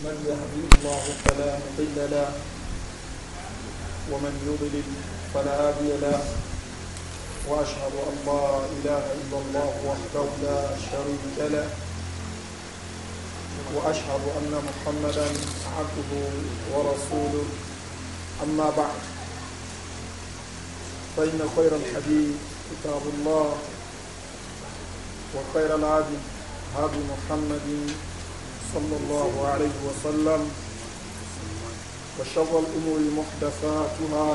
من يهدي الله فلا مضل له ومن يضلل فلا هادي له واشهد ان لا اله الا الله وحده لا شريك له واشهد ان محمدا عبده ورسوله اما بعد فان خير الحديث كتاب الله وخير العدل هدي محمد صلى الله عليه وسلم وشر الأمور محدثاتها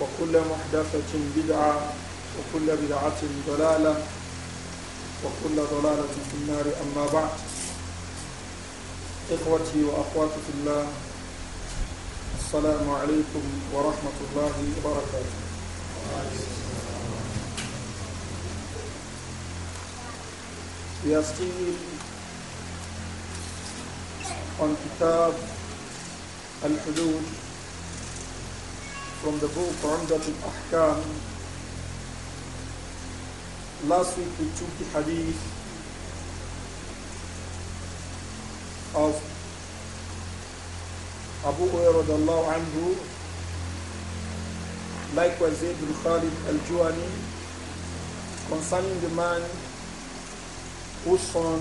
وكل محدثة بدعة وكل بدعة ضلالة وكل ضلالة في النار أما بعد إخوتي وأخواتي في الله السلام عليكم ورحمة الله وبركاته We are still on Kitab Al-Hudud from the book Umdat Al-Ahkam. Last week we took the hadith of Abu Hurairah anhu likewise Zayd bin Khalid al-Juhani concerning the man whose son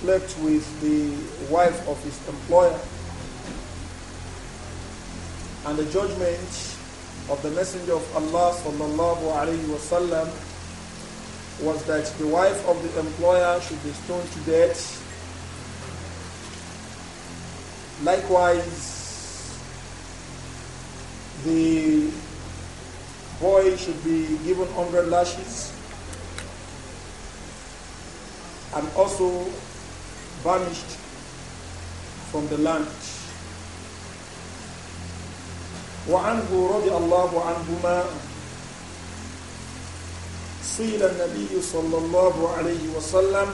slept with the wife of his employer. And the judgment of the Messenger of Allah sallallahu alayhi wasallam was that the wife of the employer should be stoned to death. Likewise, the boy should be given 100 lashes and also banished from the land. وعنه رضي الله عنهما سئل النبي صلى الله عليه وسلم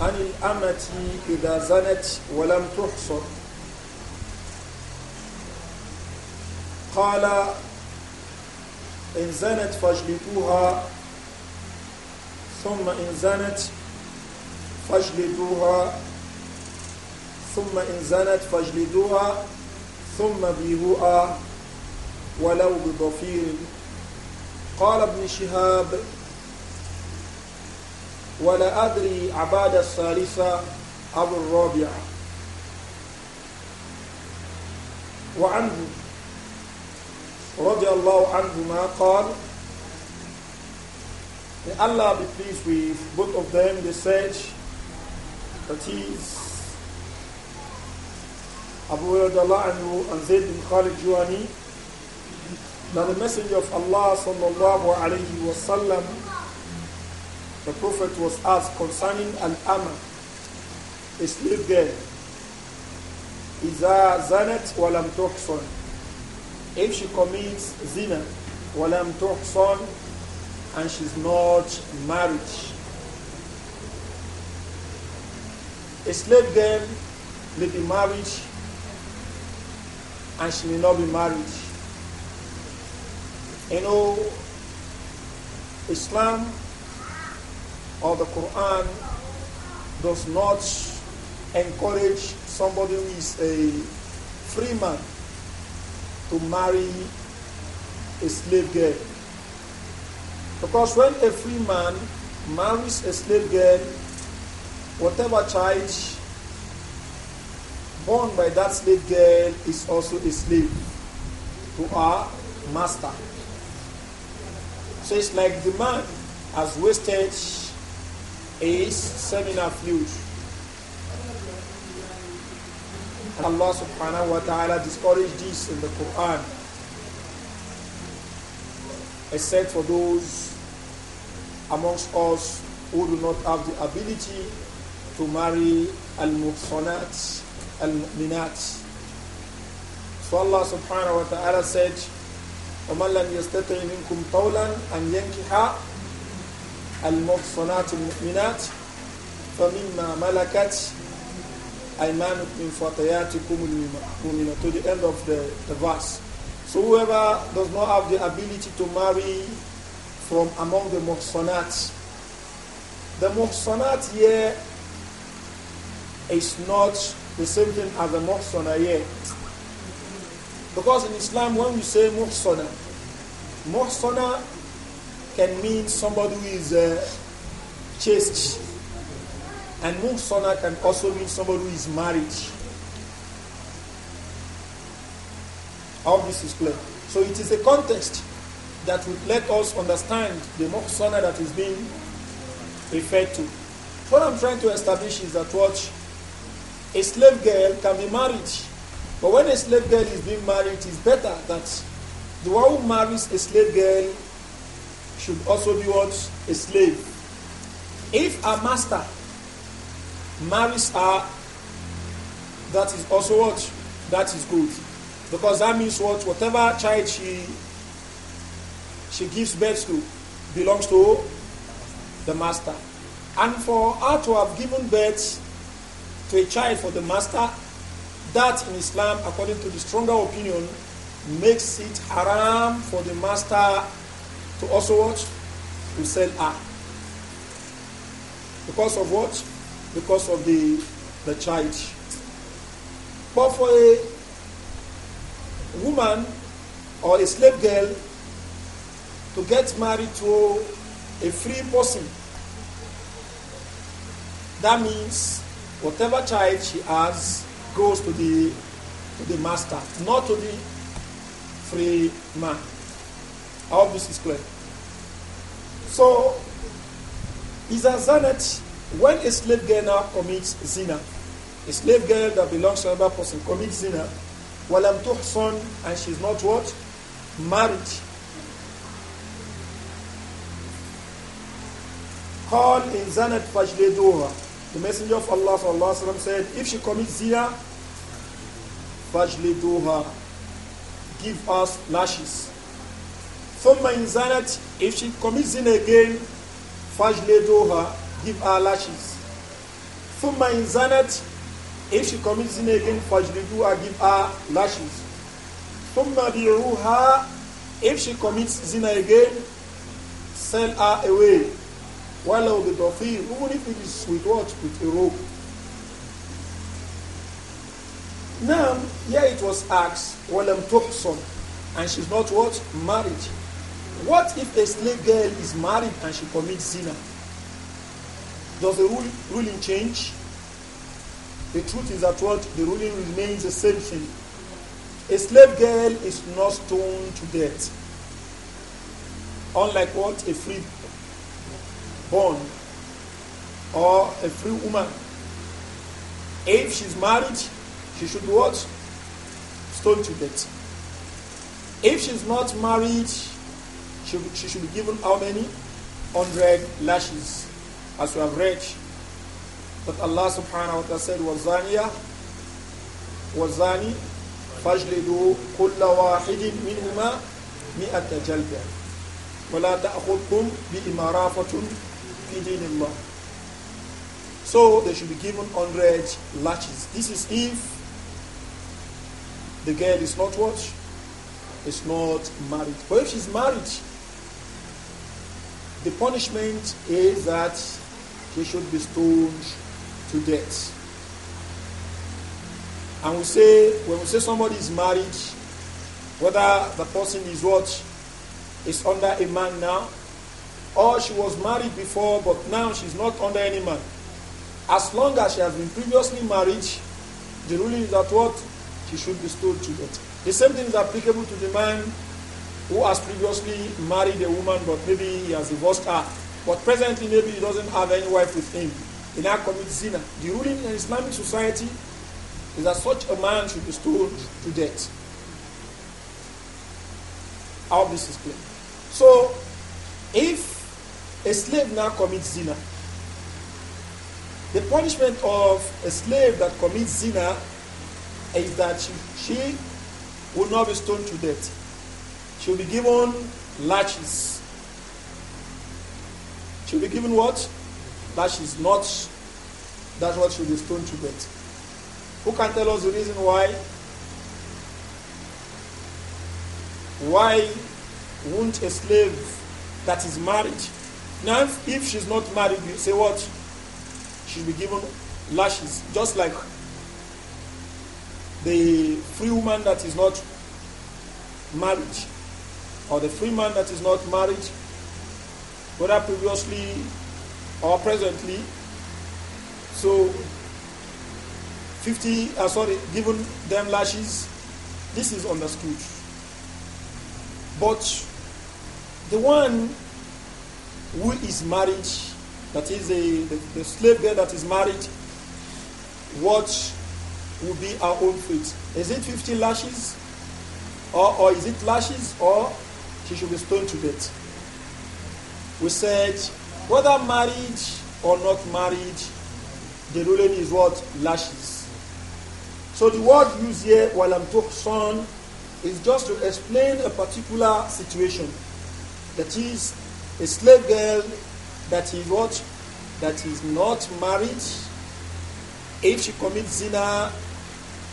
عن الأمة إذا زنت ولم تحصر قال إن زنت فاجلدوها ثم إن زنت فاجلدوها ثم إن زنت فاجلدوها ثم بيهوا ولو بضفير قال ابن شهاب ولا أدري عباد الثالثة أبو الرابعة وعنه رضي الله عنهما قال May Allah be pleased with both of them. They said that is Abu Yadallah and Zayd bin Khalid Juani. Now the messenger of Allah sallallahu alayhi wasallam, the Prophet was asked concerning an ama, a slave girl. إذا زنت ولم تحصن. If she commits zina, ولم تحصن and she's not married. A slave girl may be married and she may not be married. You know, Islam or the Quran does not encourage somebody who is a free man to marry a slave girl. Because when a free man marries a slave girl, whatever child born by that slave girl is also a slave to our master. So it's like the man has wasted his seminal fluid. Allah subhanahu wa ta'ala discouraged this in the Quran, except for those amongst us who do not have the ability to marry al-muqsanat, al فَلَا So Allah subhanahu wa ta'ala said, وَمَنْ لَمْ يَسْتَطِعِ مِنْكُمْ طَوْلًا أَنْ يَنْكِحَ المحصنات المؤمنات فمما ملكت أيمانكم من فتياتكم المؤمنات to the end of the, the verse. So whoever does not have the ability to marry from among the muhsanat. The muhsanat here is not the same thing as the muhsana here. Because in Islam, when we say muhsana, muhsana can mean somebody who is uh, chaste. And muhsana can also mean somebody who is married. All this is clear. So it is a context that would let us understand the muhsana that is being referred to. What I'm trying to establish is that watch, a slave girl can be married, but when a slave girl is being married, it's better that the one who marries a slave girl should also be what a slave. If a master marries her, that is also what that is good, because that means what whatever child she she gives birth to belongs to the master. And for her to have given birth to a child for the master, that in Islam, according to the stronger opinion, makes it haram for the master to also watch To sell her. Because of what? Because of the, the child. But for a woman or a slave girl to get married to a free person. That means whatever child she has goes to the to the master, not to the free man. I hope this is clear. So, is a zanet when a slave girl now commits zina, a slave girl that belongs to another person commits zina, walam tuhsan, and she's not what married قال إن زنت فاجلدوها The Messenger of Allah sallallahu alaihi wasallam said, if she commits zina, فاجلدوها Give us lashes. ثم إن زنت If she commits zina again, فاجلدوها Give her lashes. ثم إن زنت If she commits zina again, فاجلدوها Give her lashes. ثم بيعوها If she commits zina again, sell her away. While the dolphin, even if it is with what? With a rope. Now, here it was asked, I'm talking, and she's not what? Married. What if a slave girl is married and she commits zina? Does the rule, ruling change? The truth is that what? The ruling remains the same thing. A slave girl is not stoned to death. Unlike what? A free born or a free woman. If she's married, she should what? Stone to death. If she's not married, she, she should be given how many? 100 lashes, as we have read. But Allah subhanahu wa ta'ala said, وَالزَّانِيَةِ وَالزَّانِي فَاجْلِدُوا كُلَّ وَاحِدٍ مِنْهُمَا مِئَةَ جَلْدَةٍ وَلَا تَأْخُذْكُمْ بِإِمَارَافَةٌ في دين so they should be given 100 lashes this is if the girl is not what is not married but if she's married the punishment is that she should be stoned to death and we say when we say somebody is married whether the person is what is under a man now or she was married before but now she's not under any man. As long as she has been previously married, the ruling is that what? She should be stood to death. The same thing is applicable to the man who has previously married a woman but maybe he has divorced her. But presently maybe he doesn't have any wife with him. He now commits zina. The ruling in Islamic society is that such a man should be stoned to death. How this is clear. So if a slave now commits zina. The punishment of a slave that commits zina is that she, she will not be stoned to death. She will be given lashes. She will be given what? Lashes, not that's what she will be stoned to death. Who can tell us the reason why? Why won't a slave that is married now, if she's not married, you say what? She'll be given lashes, just like the free woman that is not married, or the free man that is not married, whether previously or presently. So, 50, uh, sorry, given them lashes, this is understood. But the one who is married, that is a, the, the slave girl that is married, what will be her own fate? Is it 50 lashes? Or, or is it lashes? Or she should be stoned to death? We said, whether married or not married, the ruling is what? Lashes. So the word used here, walam tuhsan, is just to explain a particular situation. That is, a slave girl that he what that is not married, if she commits zina,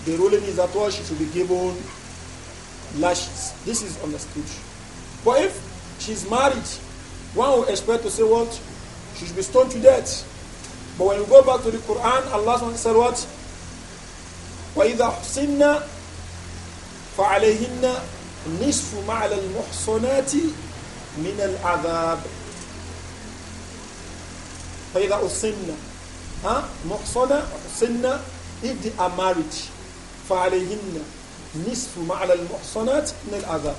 the ruling is that she should be given lashes. This is understood. But if she's married, one would expect to say what? She should be stoned to death. But when you go back to the Quran, Allah said what? وَإِذَا حُسِنَّ فَعَلَيْهِنَّ نِصْفُ مَعَلَى الْمُحْصَنَاتِ من العذاب فإذا أصلنا ها محصنة فعليهن نصف ما على المحصنات من العذاب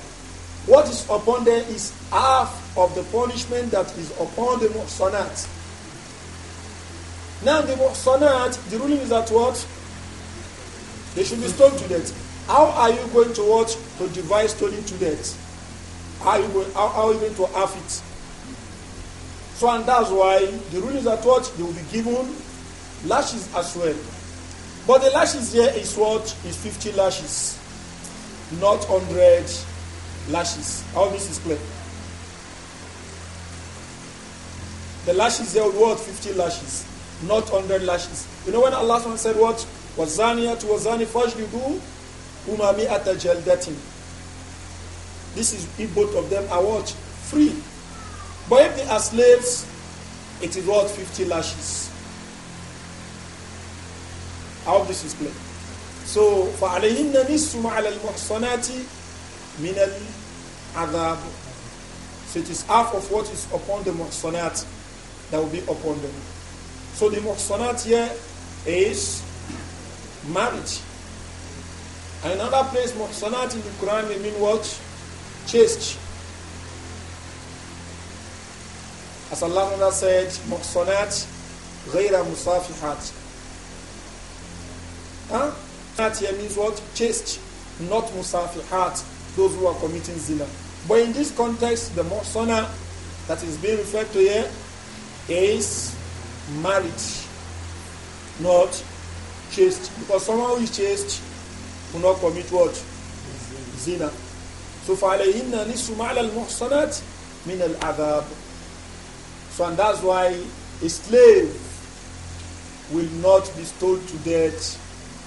What is upon them is half of the punishment that is upon the muhsanat. Now the muhsanat, the ruling is that what? They should be stoned to death. How are you going to what? To divide stoning to death? how you, how, how you going to have it. So and that's why the rulings are what they will be given lashes as well. But the lashes here is what is 50 lashes, not 100 lashes. All this is clear. The lashes there what 50 lashes, not 100 lashes. You know when Allah said what? was Wazania to wazani fajlidu umami atajaldatin. This is if both of them are what? Free. But if they are slaves, it is worth 50 lashes. I hope this is clear. So, فَعَلَيْهِنَّ نِسْمُ عَلَى الْمُحْصَنَاتِ مِنَ الْعَذَابِ So it is half of what is upon the muhsanat that will be upon them. So the muhsanat here is marriage. Another place muhsanat in the Quran may mean what? chaste. As Allah said, Muqsanat ghayra musafihat. Huh? That here means what? Chaste, not musafihat, those who are committing zina. But in this context, the muhsana that is being referred to here is marriage, not chaste. Because someone who is chaste will not commit what? Zina. So فَعَلَيْهِنَّ نِصْفُ مَعْلَى الْمُحْصَنَاتِ مِنَ الْعَذَابِ So and that's why a slave will not be stoned to death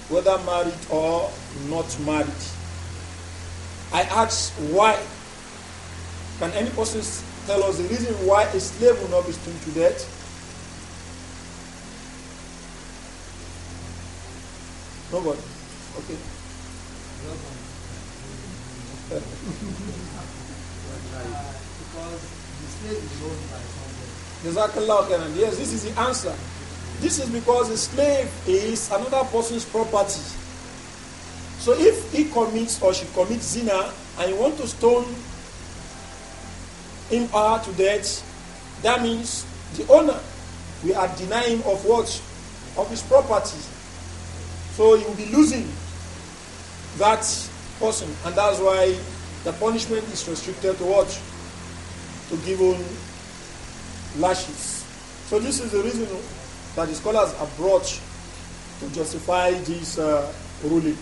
whether married or not married. I ask why? Can any person tell us the reason why a slave will not be stoned to death? Nobody. Okay because the slave is owned by Jazakallah khairan. Yes, this is the answer. This is because a slave is another person's property. So if he commits or she commits zina and you want to stone him or to death, that means the owner. We are denying of what? Of his property. So he will be losing that person. And that's why the punishment is restricted to what? To given lashes. So this is the reason that the scholars have brought to justify this uh, ruling.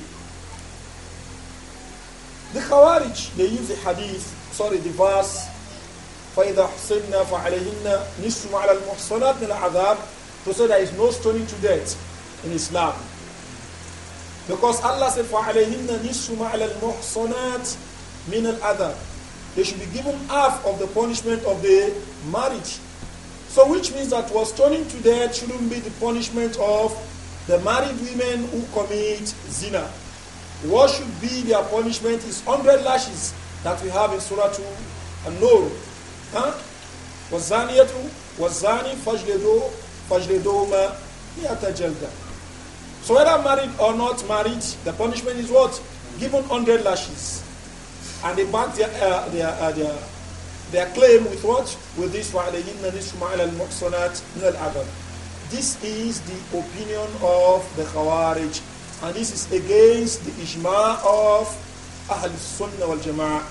The Khawarij, they use the hadith, sorry, the verse, فَإِذَا حُسِنَّا فَعَلَيْهِنَّ نِسْمُ عَلَى الْمُحْصَنَاتِ الْعَذَابِ to say there is no stoning to death in Islam. Because Allah said, فَعَلَيْهِنَّ نِصْفُ مَا عَلَى الْمُحْصَنَاتِ مِنَ الْأَذَى They should be given half of the punishment of the marriage. So which means that was turning to death shouldn't be the punishment of the married women who commit zina. What should be their punishment is 100 lashes that we have in Surah 2 and Nur. Huh? وَالزَّانِيَةُ وَالزَّانِي فَاجْلِدُوا فَاجْلِدُوا مَا so whether married or not married, the punishment is what? Given 100 lashes. And they back their, uh, their, uh, their, their claim with what? With this, This is the opinion of the Khawarij. And this is against the ijma of Ahl Sunnah wal Jama'ah.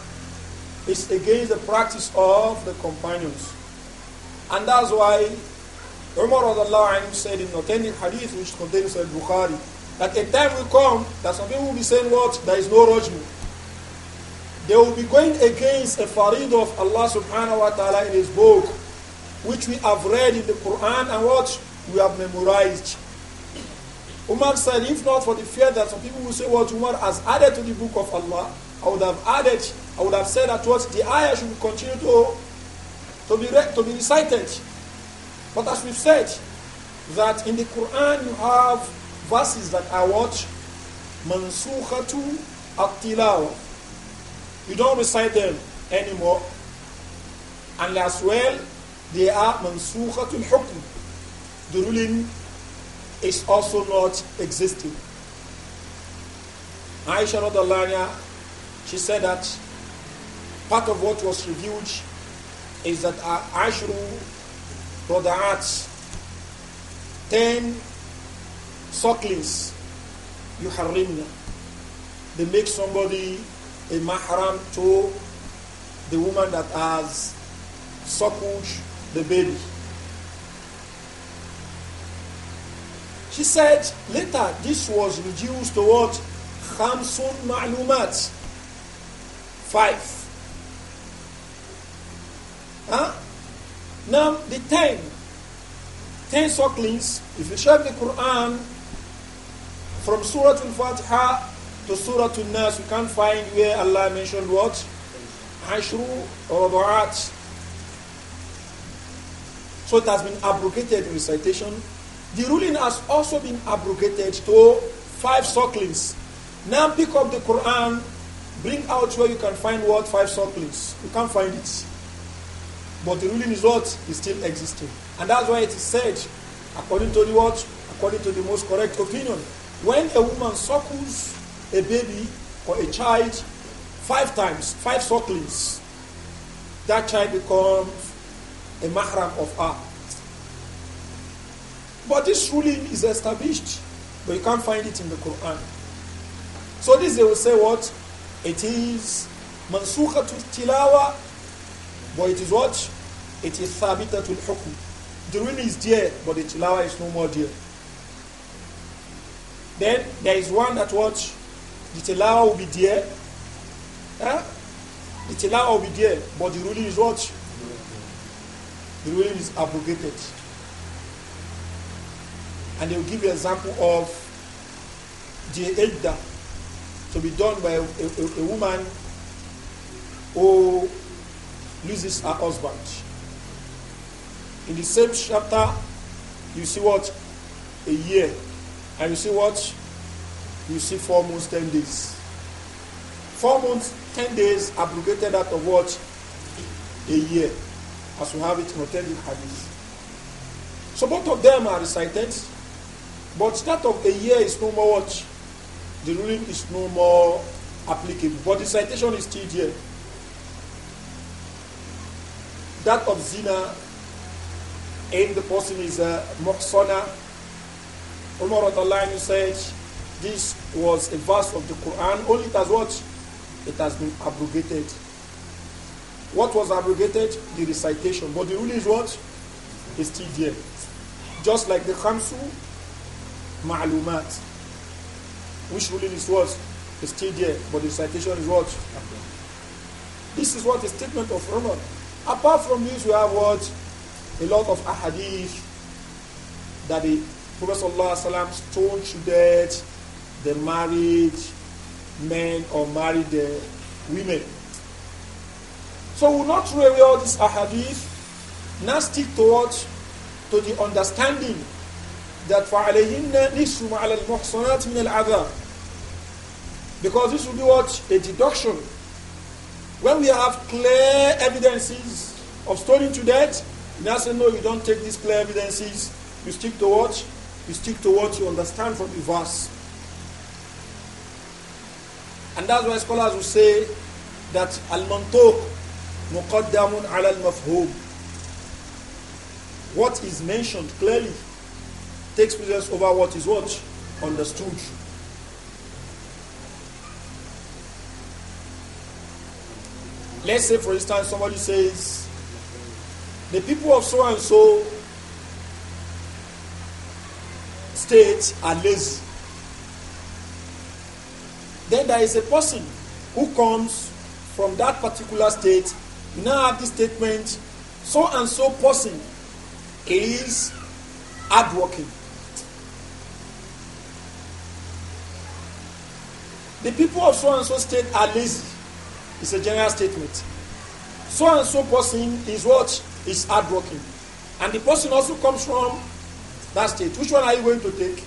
It's against the practice of the companions. And that's why Umar anhu said in authentic hadith which contains Sahih Bukhari that a time will come that some people will be saying what? There is no rajmu. They will be going against a farid of Allah subhanahu wa ta'ala in his book which we have read in the Quran and what we have memorized. Umar said, if not for the fear that some people will say what Umar has added to the book of Allah, I would have added, I would have said that what the ayah should continue to, to, be, to be recited. But as we've said, that in the Quran you have verses that are what? Mansukhatu at You don't recite them anymore. And as well, they are mansukhatul hukm. The ruling is also not existing. Aisha Radalanya, she said that part of what was revealed is that Ashru ودعات ten sucklings يحرمنا they make somebody a mahram to the woman that has suckled the baby she said later this was reduced to what khamsun ma'lumat five huh now, the ten, ten sucklings, if you share the Quran from Surah Al-Fatiha to Surah Al-Nas, you can't find where Allah mentioned what? Ashru or Du'at. So it has been abrogated recitation. The ruling has also been abrogated to five sucklings. Now pick up the Quran, bring out where you can find what five sucklings. You can't find it. But the ruling is what is still existing. And that's why it is said, according to the what? According to the most correct opinion, when a woman suckles a baby or a child five times, five sucklings, that child becomes a mahram of her. But this ruling is established, but you can't find it in the Quran. So this they will say what? It is mansukha to tilawa, but it is what? It is forbidden to The ruling is there, but the tilawa is no more there. Then there is one that watch the tilawa will be there. Huh? The tilawa will be there, but the ruling is what? The ruling is abrogated. And they will give you an example of the Edda to be done by a, a, a woman who loses her husband. In the same chapter, you see what? A year. And you see what? You see four months, ten days. Four months, ten days abrogated out of what? A year. As we have it in in Hadith. So both of them are recited. But that of a year is no more what? The ruling is no more applicable. But the citation is still there. That of Zina and the person is a uh, muhsana. Umar Adalani said this was a verse of the Quran, only it has what? It has been abrogated. What was abrogated? The recitation. But the rule is what? It's still there. Just like the Khamsu Ma'lumat. Which ruling is what? It's still there. But the recitation is what? This is what the statement of Umar. Apart from this, we have what? a lot of ahadith that the Prophet ﷺ stoned to death the married men or married uh, women. So we will not throw away all these ahadith, now stick to the understanding that فَعَلَيْهِنَّ نِسْرُ مَعَلَى الْمُحْصَنَاتِ مِنَ الْعَذَابِ Because this will be what? A deduction. When we have clear evidences of stoning to death, you now say, no, you don't take these clear evidences. You stick to what? You stick to what you understand from the verse. And that's why scholars will say that al-mantuq muqaddamun ala al-mafhum. What is mentioned clearly takes precedence over what is what? Understood. Let's say, for instance, somebody says, the people of so and so state are lazy. Then there is a person who comes from that particular state. You now have this statement so and so person is hardworking. The people of so and so state are lazy. It's a general statement. So and so person is what? is hardworking. And the person also comes from that state. Which one are you going to take?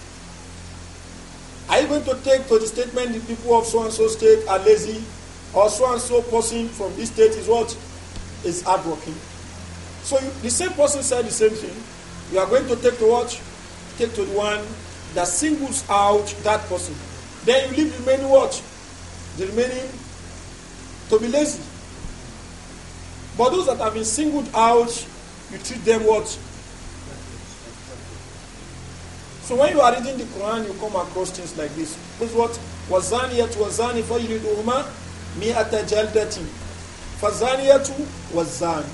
Are you going to take to the statement the people of so and so state are lazy or so and so person from this state is what? Is hardworking. So you, the same person said the same thing. You are going to take to what? Take to the one that singles out that person. Then you leave the remaining what? The remaining to be lazy. But those that have been singled out, you treat them what? So when you are reading the Quran, you come across things like this. This what? وَزَانِيَةُ وَزَانِ فَيْلِدُهُمَا مِئَةَ جَلْدَةٍ فَزَانِيَةُ wazani.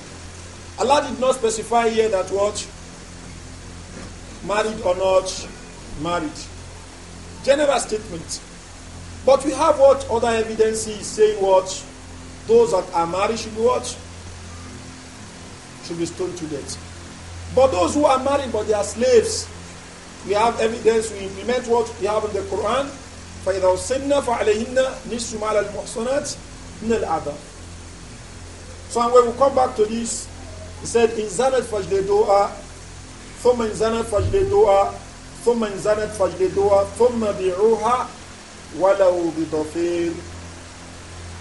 Allah did not specify here that what? Married or not married. General statement. But we have what other evidences saying what? Those that are married should be what? should be stoned to death. But those who are married but they are slaves, we have evidence, we implement what we have in the Quran. فَإِذَا وَسِنَّا فَعَلَيْهِنَّ نِصْفُ مَا عَلَى الْمُحْصَنَاتِ مِنَ الْعَذَابِ So when we come back to this, he said, إِنْ زَنَتْ فَجْلِدُوهَا ثُمَّ إِنْ زَنَتْ فَجْلِدُوهَا ثُمَّ إِنْ زَنَتْ فَجْلِدُوهَا ثُمَّ بِعُوهَا وَلَوْ بِضَفِيرٍ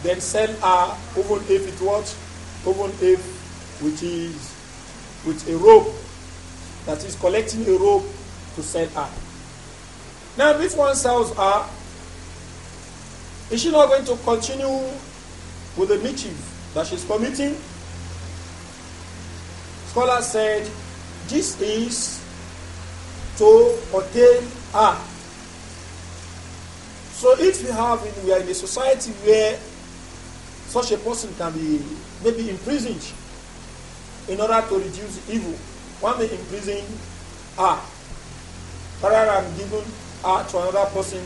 Then sell her, even if it was, even if which is with a rope that is collecting a rope to sell her. Now, if one sells her, uh, is she not going to continue with the mischief that she's committing? Scholar said this is to obtain her. So if we have in, we are in a society where such a person can be maybe imprisoned in order to reduce evil, one may imprison her rather than giving her to another person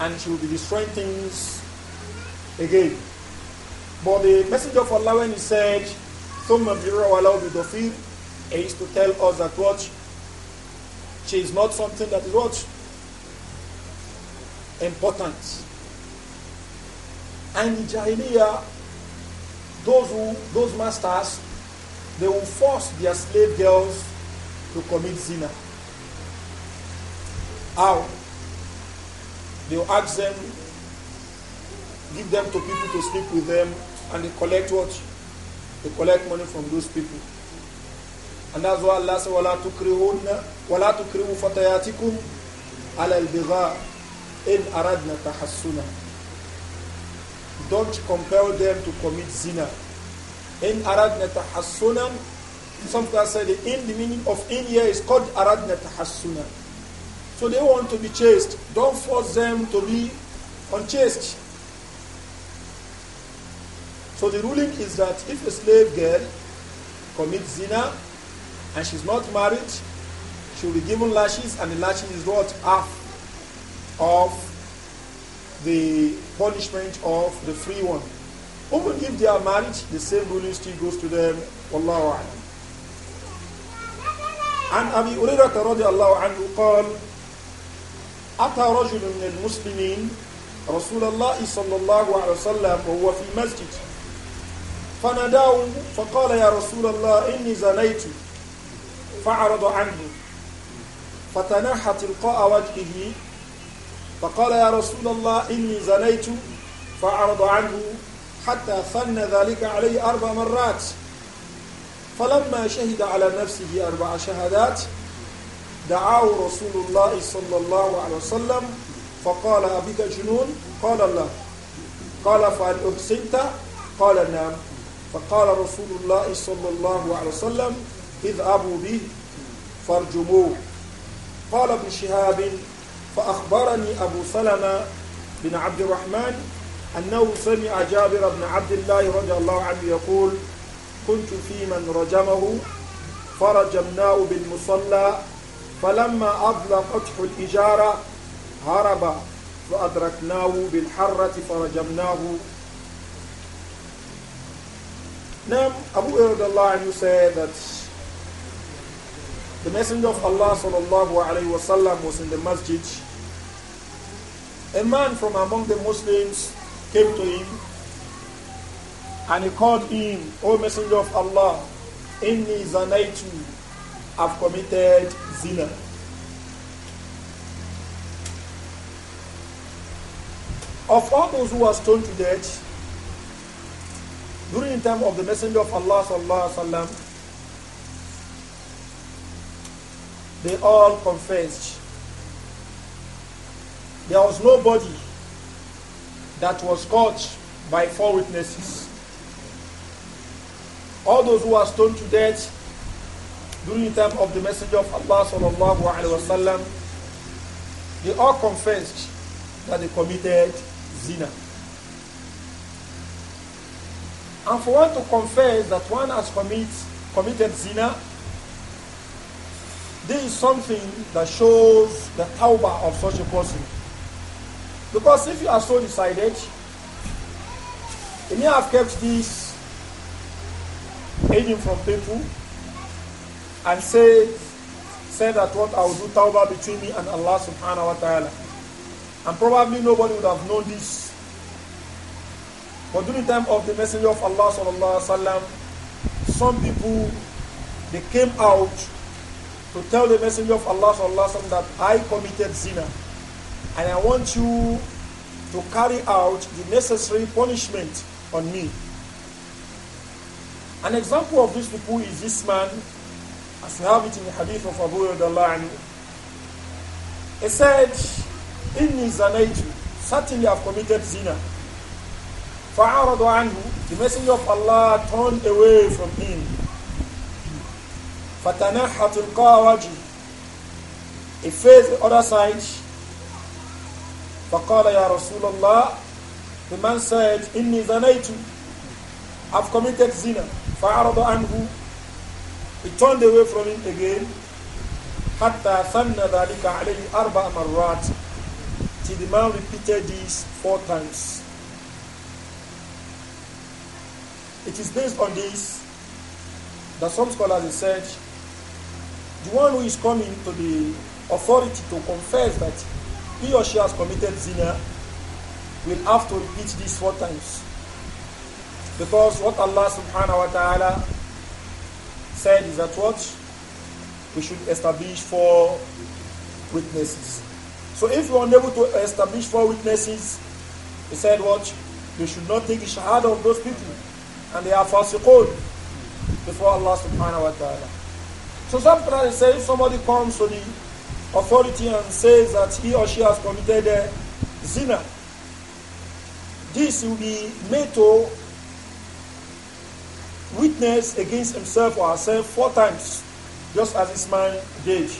and she will be destroying things again. But the messenger of Allah when he said, Thumma Allah bidofir, is to tell us that what she is not something that is what important. And in Jahiliyyah, those who those masters they will force their slave girls to commit zina. How? They will ask them, give them to people to sleep with them, and they collect what? They collect money from those people. And that's why Allah says, وَلَا تُكْرِهُنَّ وَلَا تُكْرِهُ فَتَيَاتِكُمْ عَلَى الْبِغَاءِ إِنْ أَرَدْنَا تَحَسُّنًا Don't compel them to commit zina in aradna tahassunan. Some people say the in, the meaning of in here is called aradna tahassunan. So they want to be chaste. Don't force them to be unchaste. So the ruling is that if a slave girl commits zina and she's not married, she will be given lashes, and the lashes is what half of the punishment of the free one. Even if they are married, the same ruling still goes to them. Wallahu a'lam. عن أبي هريرة رضي الله عنه قال أتى رجل من المسلمين رسول الله صلى الله عليه وسلم وهو في مسجد فناداه فقال يا رسول الله إني زنيت فعرض عنه فتنحى تلقاء وجهه فقال يا رسول الله إني زنيت فعرض عنه حتى ثن ذلك عليه أربع مرات فلما شهد على نفسه أربع شهادات دعاه رسول الله صلى الله عليه وسلم فقال أبيك جنون قال لا قال فهل أحسنت قال نعم فقال رسول الله صلى الله عليه وسلم اذهبوا به فارجموه قال ابن شهاب فأخبرني أبو سلمة بن عبد الرحمن أنه سمع جابر بن عبد الله رضي الله عنه يقول كنت في من رجمه فرجمناه بالمصلى فلما أضلقت الإجارة هرب فأدركناه بالحرة فرجمناه نعم أبو إرد الله عنه said that the messenger of Allah صلى الله عليه وسلم was in the masjid a man from among the Muslims came to him and he called him, O Messenger of Allah, Inni zanaitu, have committed zina. Of all those who were stoned to death, during the time of the Messenger of Allah sallallahu alaihi wasallam, they all confessed. There was nobody that was caught by four witnesses. All those who are stoned to death during the time of the Messenger of Allah sallallahu alaihi wasallam, they all confessed that they committed zina. And for one to confess that one has commit, committed zina, this is something that shows the tauba of such a person. Because if you are so decided, you may have kept this aiding from people and say, say that what I will do tawbah between me and Allah subhanahu wa ta'ala. And probably nobody would have known this. But during the time of the Messenger of Allah sallallahu alaihi wasallam, some people they came out to tell the Messenger of Allah sallallahu alaihi wasallam that I committed zina and I want you to carry out the necessary punishment on me. An example of this people is this man, as we have it in the hadith of Abu Yadallah. He said, "In his zanaytu, certainly I've committed zina. فَعَرَضُ عَنْهُ The messenger of Allah turned away from him. فَتَنَحَّتُ الْقَاوَجِ He faced the other side فَقَالَ يَا رَسُولَ اللَّهِ The man said, إِنِّي زَنَيْتُ I've committed zina. فَعَرَضَ عَنْهُ He turned away from him again. حَتَّى ثَنَّى ذَلِكَ عَلَيْهِ أَرْبَعَ مَرَّاتٍ Till the man repeated this four times. It is based on this that some scholars have said the one who is coming to the authority to confess that he or she has committed zina will have to repeat this four times. Because what Allah subhanahu wa ta'ala said is that what? We should establish four witnesses. So if you are unable to establish four witnesses, he said what? You should not take the shahada of those people. And they are fasiqun before Allah subhanahu wa ta'ala. So some say if somebody comes to the authority and says that he or she has committed a zina. This will be made to witness against himself or herself four times, just as this man did.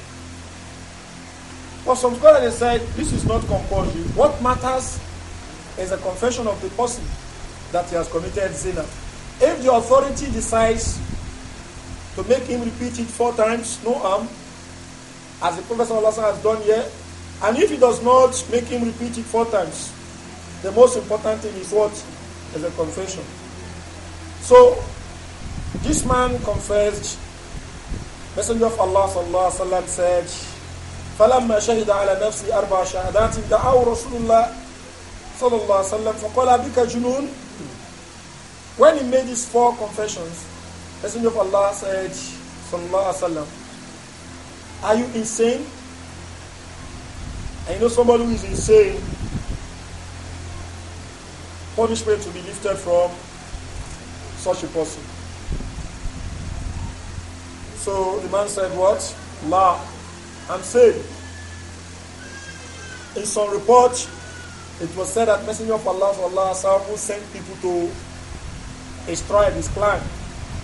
But some scholars, say said this is not compulsory. What matters is a confession of the person that he has committed zina. If the authority decides to make him repeat it four times, no harm as the Prophet has done here. And if he does not, make him repeat it four times. The most important thing is what? Is a confession. So, this man confessed. Messenger of Allah sallallahu alaihi wasallam said, فلما شهد على نفسي أربع شهادات دعاه رسول الله صلى الله عليه وسلم فقال بك جنون When he made these four confessions, Messenger of Allah said, صلى الله عليه وسلم, are you insane? And you know somebody who is insane, punishment to be lifted from such a person. So the man said, What? La, I'm saved. In some report, it was said that Messenger of Allah Allah sent people to his tribe, his clan,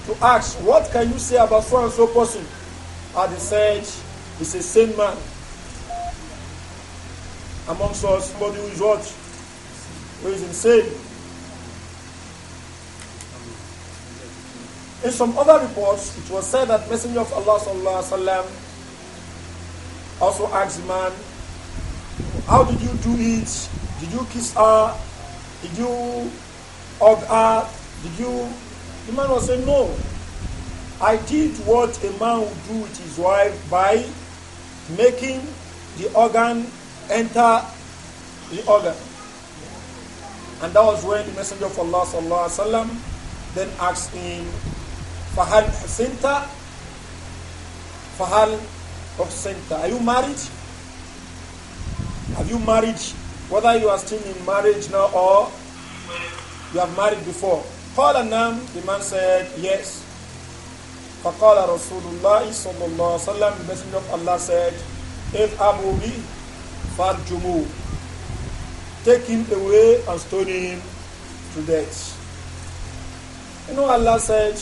to ask, What can you say about so and so person? And they said, He's a sane man. Amongst us, somebody who is what? Who is insane. In some other reports, it was said that Messenger of Allah وسلم, also asked the man, How did you do it? Did you kiss her? Did you hug her? Did you. The man was saying, No. I did what a man would do with his wife by making the organ enter the organ. And that was when the Messenger of Allah sallallahu wa wasallam then asked him, "Fahal Husinta? Fahal Husinta? Are you married? Have you married? Whether you are still in marriage now or you have married before?" Paul Anam, the man said, "Yes." فقال the messenger of Allah said if Abu Bi Farjumu take him away and stone him to death you know Allah said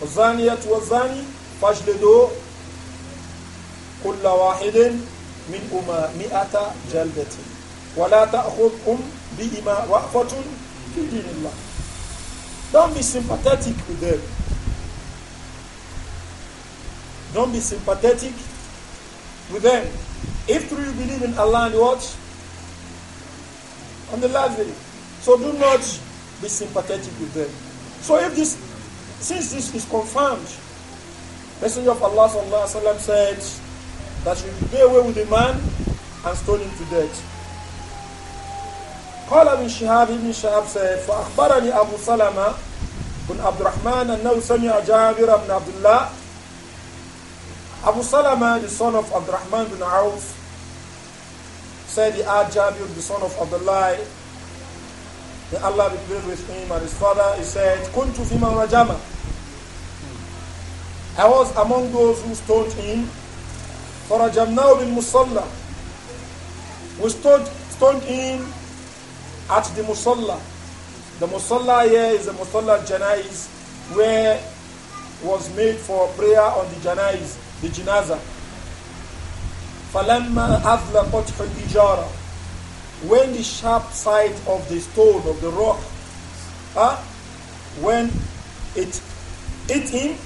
وزانيات وزاني فاجلدو كل واحد من أمة مئة جلدة ولا تأخذكم بإما وقفة في دين الله Don't be sympathetic with them. Don't be sympathetic with them. If you believe in Allah and what? On the last day. So do not be sympathetic with them. So if this, since this is confirmed, Messenger of Allah sallallahu said that you will be away with a man and stone him to death. قال ابن شهاب ابن شهاب said فأخبرني أبو سلمة بن عبد الرحمن أنه سمع جابر بن عبد الله Abu Salama, the son of Abdurrahman bin Auf, said he had Jabir, the son of Abdullah, may Allah be pleased with him and his father, he said, Kuntu fiman rajama. I was among those who stoned him. for فَرَجَمْنَاهُ musalla. We stoned, stoned him at the musalla. The musalla here is the musalla janais where was made for prayer on the janais the janaza. فَلَمَّا أَذْلَ قَطْحُ ijara. When the sharp side of the stone, of the rock, ah, when it hit him,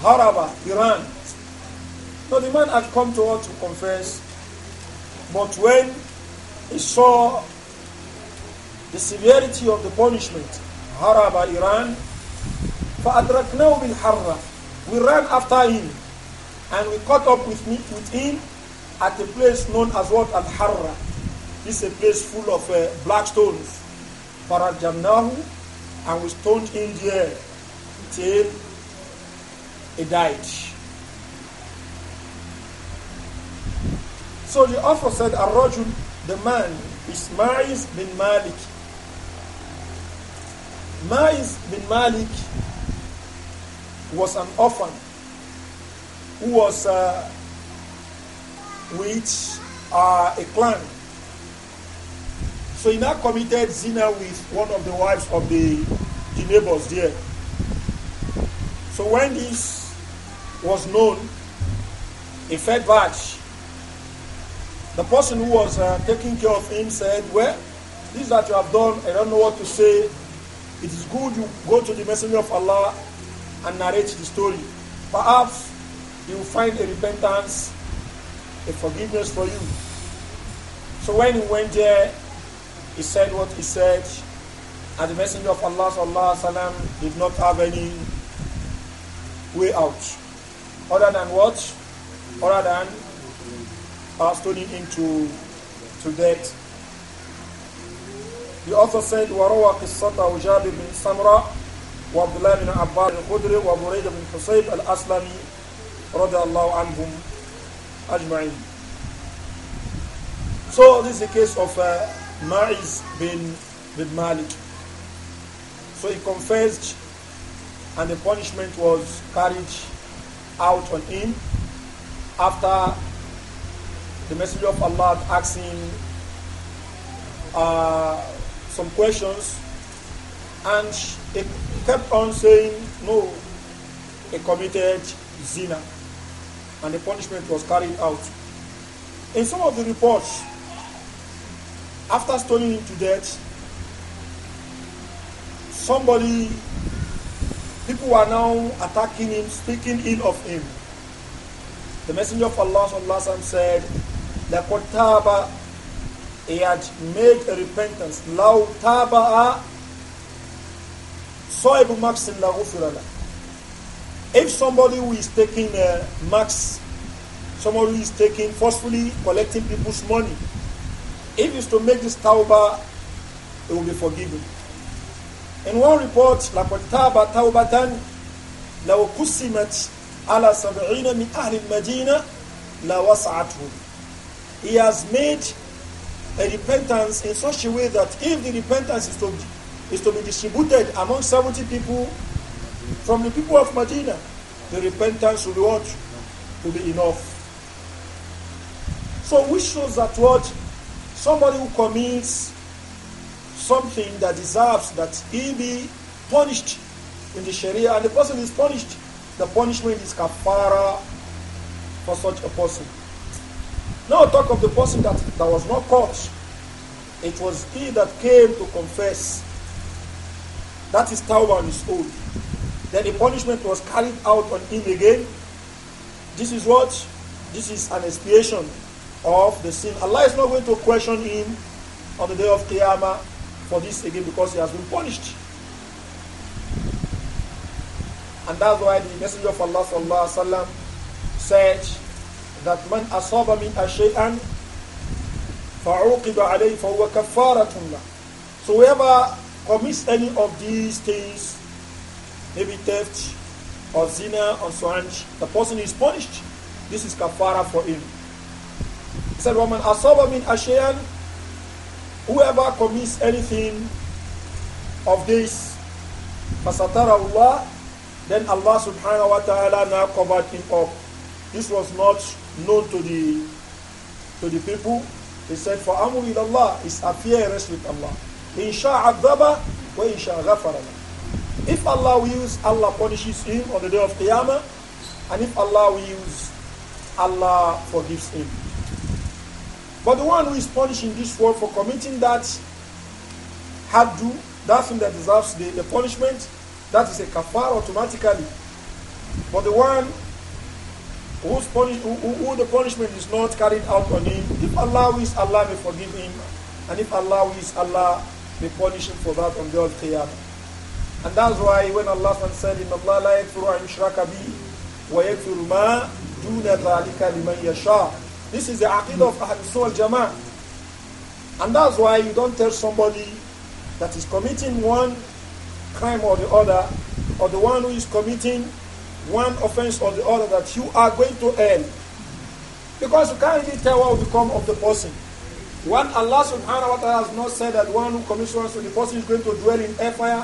haraba, he ran. Now the man had come to her to confess, but when he saw the severity of the punishment, haraba, he ran, فَأَدْرَكْنَهُ بِالْحَرَّةِ We ran after him and we caught up with, me, with him at a place known as what Al Harra. This is a place full of uh, black stones. Farajamnahu, and we stoned him there till he died. So the author said, Arrajul, the man, is Ma'iz bin Malik. Ma'iz bin Malik was an orphan who was uh, with uh, a clan. So he now committed zina with one of the wives of the, the neighbors there. So when this was known, in fact, bad. The person who was uh, taking care of him said, Well, this that you have done, I don't know what to say. It is good you go to the messenger of Allah and narrate the story. Perhaps you will find a repentance, a forgiveness for you. So when he went there, he said what he said, and the messenger of Allah sallallahu alaihi did not have any way out, other than what, other than uh, stoning into to death. He also said, وروى قصته جابر بن سمرة وعبد الله بن عباد الخدري وبريد بن al الأسلمي رضي الله عنهم أجمعين So this is the case of uh, Ma'iz bin, bin Malik. So he confessed and the punishment was carried out on him after the Messenger of Allah asked him uh, some questions and he kept on saying, No, he committed zina and the punishment was carried out. In some of the reports, after stoning him to death, somebody, people are now attacking him, speaking ill of him. The Messenger of Allah said, The Qataba, he had made a repentance. La taba'a, so Abu Maksin la if somebody who is taking uh, marks, somebody who is taking forcefully collecting people's money, if he's to make this tauba, it will be forgiven. In one report, لَقَدْ Taubatan تَوْبَةً ala قُسِّمَتْ عَلَى سَبْعِينَ مِنْ أَهْلِ He has made a repentance in such a way that if the repentance is to, is to be distributed among 70 people, from the people of Medina, the repentance will be what? Will be enough. So which shows that what? Somebody who commits something that deserves that he be punished in the Sharia and the person is punished, the punishment is kafara for such a person. Now talk of the person that, that was not caught. It was he that came to confess. That is tawbah on his own. Then the punishment was carried out on him again. This is what? This is an expiation of the sin. Allah is not going to question him on the day of Qiyamah for this again because he has been punished. And that's why the Messenger of Allah sallallahu alaihi wasallam said that man asaba min ashay'an fa'uqiba alayhi fa huwa kaffaratun So whoever commits any of these things maybe theft or zina or so on, the person is punished. This is kafara for him. He said, Woman asaba min ashayan, whoever commits anything of this, fasatara Allah, then Allah subhanahu wa ta'ala now covered him up. This was not known to the to the people. He said, For Amru Allah is affair with Allah. In sha'a wa in sha'a if Allah wills, Allah punishes him on the day of Qiyamah. And if Allah wills, Allah forgives him. But the one who is punished in this world for committing that haddu, that thing that deserves the, the punishment, that is a kafar automatically. But the one whose punish, who, who, the punishment is not carried out on him, if Allah wills, Allah may forgive him. And if Allah wills, Allah may punish him for that on the day of Qiyamah. And that's why when Allah said, إِنَّ اللَّهَ لَا يَكْفُرُ أَنْ يُشْرَكَ بِهِ وَيَكْفُرُ مَا دُونَ ذَلِكَ This is the aqidah of Ahlul Sunnah Jama'ah. And that's why you don't tell somebody that is committing one crime or the other, or the one who is committing one offense or the other, that you are going to end, Because you can't really tell what will become of the person. When Allah subhanahu wa ta'ala has not said that one who commits one of the person is going to dwell in hellfire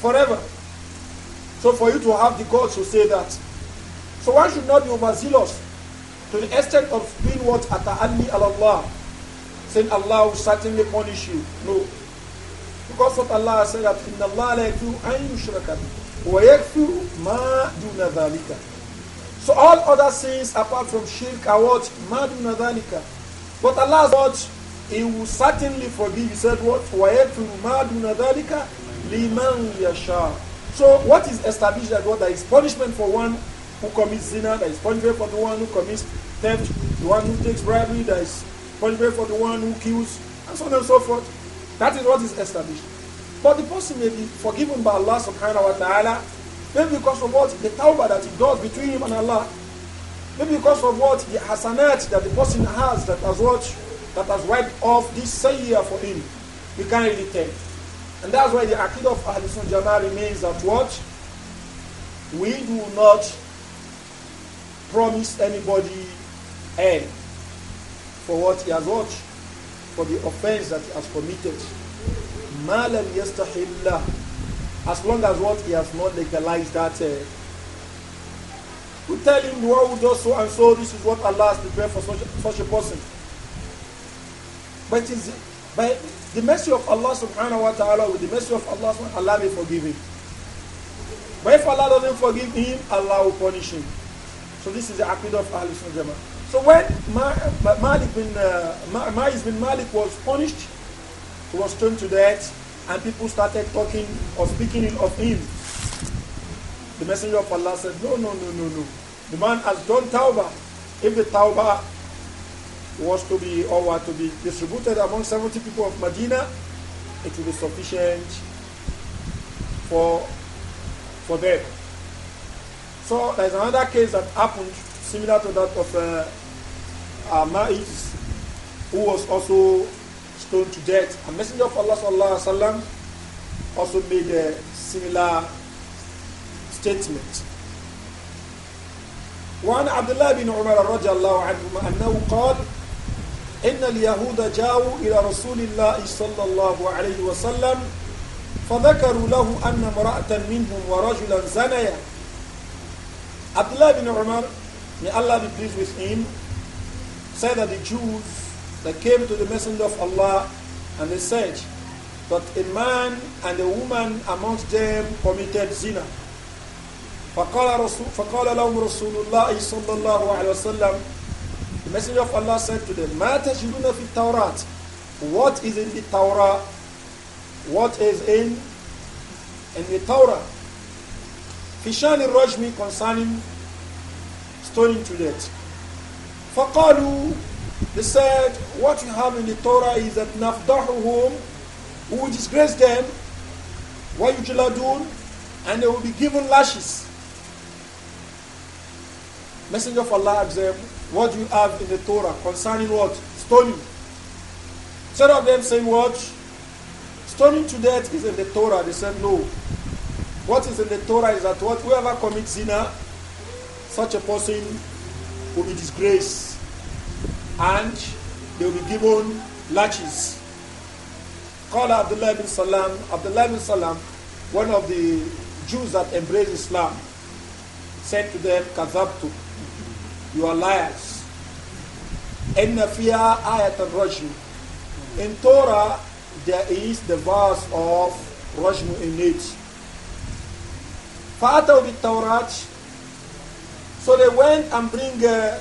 forever. So for you to have the guts to say that. So one should not be overzealous to the extent of being what ata'anni Allah, saying Allah will certainly punish you. No. Because what Allah said that in Allah like you yushraka wa yakfiru ma So all other sins apart from shirk are what? Ma duna dhalika. But Allah what? He will certainly forgive. He said what? Wa yakfiru ma duna dhalika liman yasha. So what is established that what there is punishment for one who commits zina, there is punishment for the one who commits theft, the one who takes bribery, there is punishment for the one who kills, and so on and so forth. That is what is established. But the person may be forgiven by Allah subhanahu wa ta'ala, maybe because of what the tawbah that he does between him and Allah, maybe because of what the hasanat that the person has that has what that has wiped off this sayyah for him. You can't really tell. And that's why the akidah of Ahl Sunnah remains that what? We do not promise anybody end for what he has what? For the offense that he has committed. Malam yastahillah. As long as what he has not legalized that. Uh, eh. we tell him the world do so and so, this is what Allah has prepared for such, such a person. But it is by the mercy of Allah subhanahu wa ta'ala with the mercy of Allah subhanahu Allah may forgive him. But if Allah doesn't forgive him, Allah will punish him. So this is the aqidah of wa Sunnah So when Malik bin, uh, bin Malik was punished, he was turned to death, and people started talking or speaking of him. The messenger of Allah said, no, no, no, no, no. The man has done tawbah. If the tawbah was to be or to be distributed among 70 people of Medina, it will be sufficient for, for them. So there's another case that happened similar to that of uh, who was also stoned to death. A messenger of Allah sallallahu alaihi wasallam also made a similar statement. وعن عبد الله بن عمر رضي الله عنهما أنه قال إن اليهود جاءوا إلى رسول الله صلى الله عليه وسلم فذكروا له أن امرأة منهم ورجلا زنيا Abdullah bin Umar, may Allah be pleased with him, said that the Jews that came to the Messenger of Allah and they said that a man and a woman amongst them committed zina. فقال, رسول فقال لهم رسول الله صلى الله عليه وسلم the Messenger of Allah said to them, do not fit Taurat. What is in the Torah? What is in, in the Torah? Fishan al-Rajmi concerning stoning to death. فَقَالُوا They said, what you have in the Torah is that نَفْضَحُهُمْ Who will disgrace them, do, And they will be given lashes. Messenger of Allah observed, what do you have in the Torah concerning what? Stoning. Some of them saying what? Stoning to death is in the Torah. They said no. What is in the Torah is that what whoever commits zina, such a person will be disgraced and they will be given lashes. Call Abdullah ibn Salam. Abdullah ibn Salam, one of the Jews that embraced Islam, said to them, Kazabtu, you are liars. إن فيها آية الرجم. In Torah, there is the verse of رجم in it. the Torah. So they went and bring uh,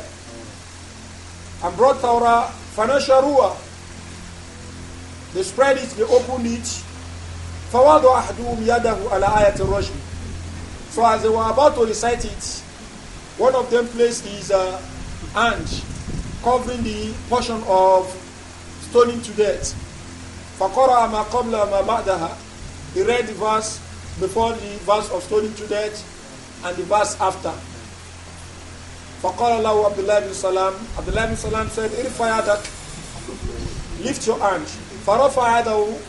and brought Torah فنشروها. They spread it, they opened it. فوضع أحدهم يده على آية الرجم. So as they were about to recite it, one of them placed his uh, hand covering the portion of stoning to death. فَقَرَأَ مَا قَبْلَ مَا بَعْدَهَا He read the verse before the verse of stoning to death and the verse after. فَقَالَ لَهُ عَبْدُ اللَّهِ Salam, Abdullah ibn Salam said, ارفع Lift your hand. فَرَفَعَ يده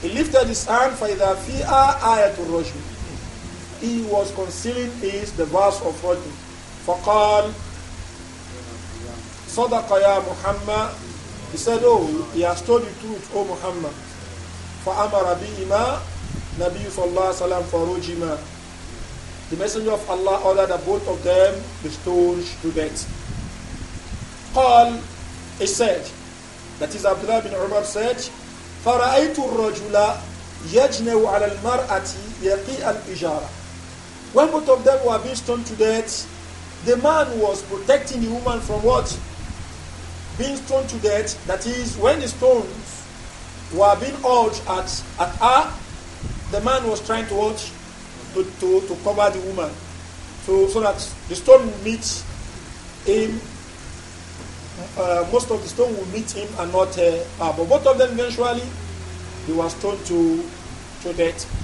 He lifted his hand For the فِيهَا آيَةُ الرَّجْمِ he was concealing is the verse of Rajul. فقال صدق يا Muhammad. He said, oh, he has told the truth, oh Muhammad. فأمر بهما نبي صلى الله عليه وسلم فرجما The messenger of Allah ordered that both of them be stoned to death. قال he said, that is Abdullah bin Umar said, فرأيت الرجل يجنو على المرأة يقي الإجارة when both of them were being stoned to death, the man was protecting the woman from what? Being stoned to death. That is, when the stones were being urged at, at her, the man was trying to watch to, to, to cover the woman. So, so that the stone will meet him. Uh, most of the stone will meet him and not uh, her. But both of them eventually they were stoned to, to death.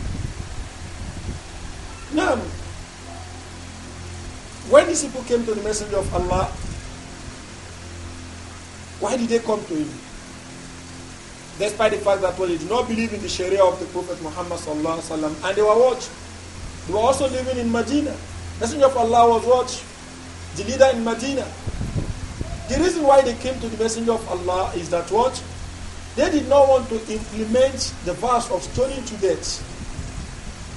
Now, when these people came to the messenger of Allah, why did they come to him? Despite the fact that well, they did not believe in the Sharia of the Prophet Muhammad sallallahu and they were what? They were also living in Medina. Messenger of Allah was what? The leader in Medina. The reason why they came to the Messenger of Allah is that what? They did not want to implement the verse of stoning to death.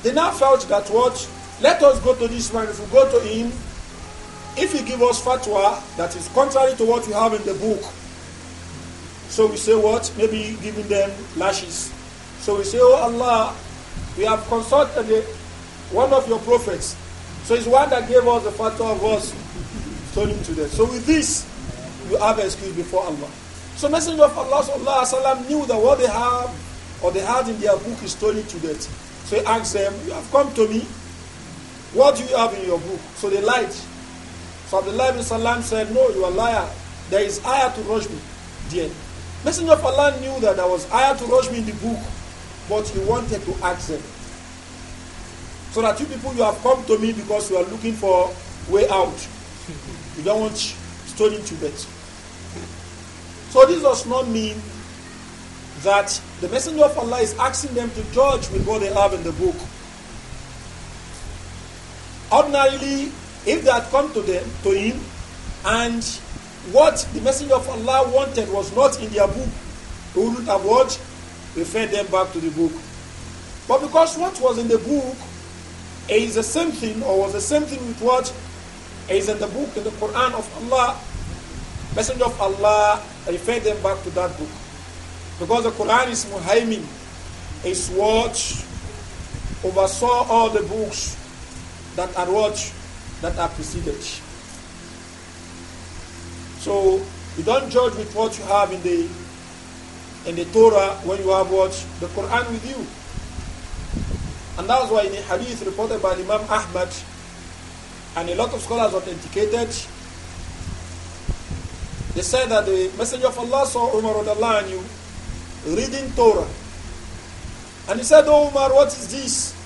They now felt that what? Let us go to this man. If we go to him, if you give us fatwa that is contrary to what we have in the book, so we say what? Maybe giving them lashes. So we say, Oh Allah, we have consulted one of your prophets. So it's one that gave us the fatwa of us turning to death. So with this, you have excuse before Allah. So Messenger of Allah sallallahu knew that what they have or they had in their book is stolen to death. So he asked them, You have come to me, what do you have in your book? So they lied. So Abdullah ibn Salam said, No, you are a liar. There is ayah to Rajmi there. Messenger of Allah knew that there was ayah to Rajmi in the book, but he wanted to ask them. So that you people, you have come to me because you are looking for way out. You don't want in Tibet. So this does not mean that the Messenger of Allah is asking them to judge with what they have in the book. Ordinarily, if they had come to them, to him, and what the messenger of Allah wanted was not in their book, he would have what? Referred them back to the book. But because what was in the book is the same thing, or was the same thing with what is in the book, in the Quran of Allah, messenger of Allah referred them back to that book. Because the Quran is muhaimin, is what oversaw all the books that are what that are preceded. So you don't judge with what you have in the in the Torah when you have what the Quran with you. And that's why in the hadith reported by Imam Ahmad and a lot of scholars authenticated, they said that the Messenger of Allah saw Umar anhu reading Torah. And he said, Oh Umar, what is this?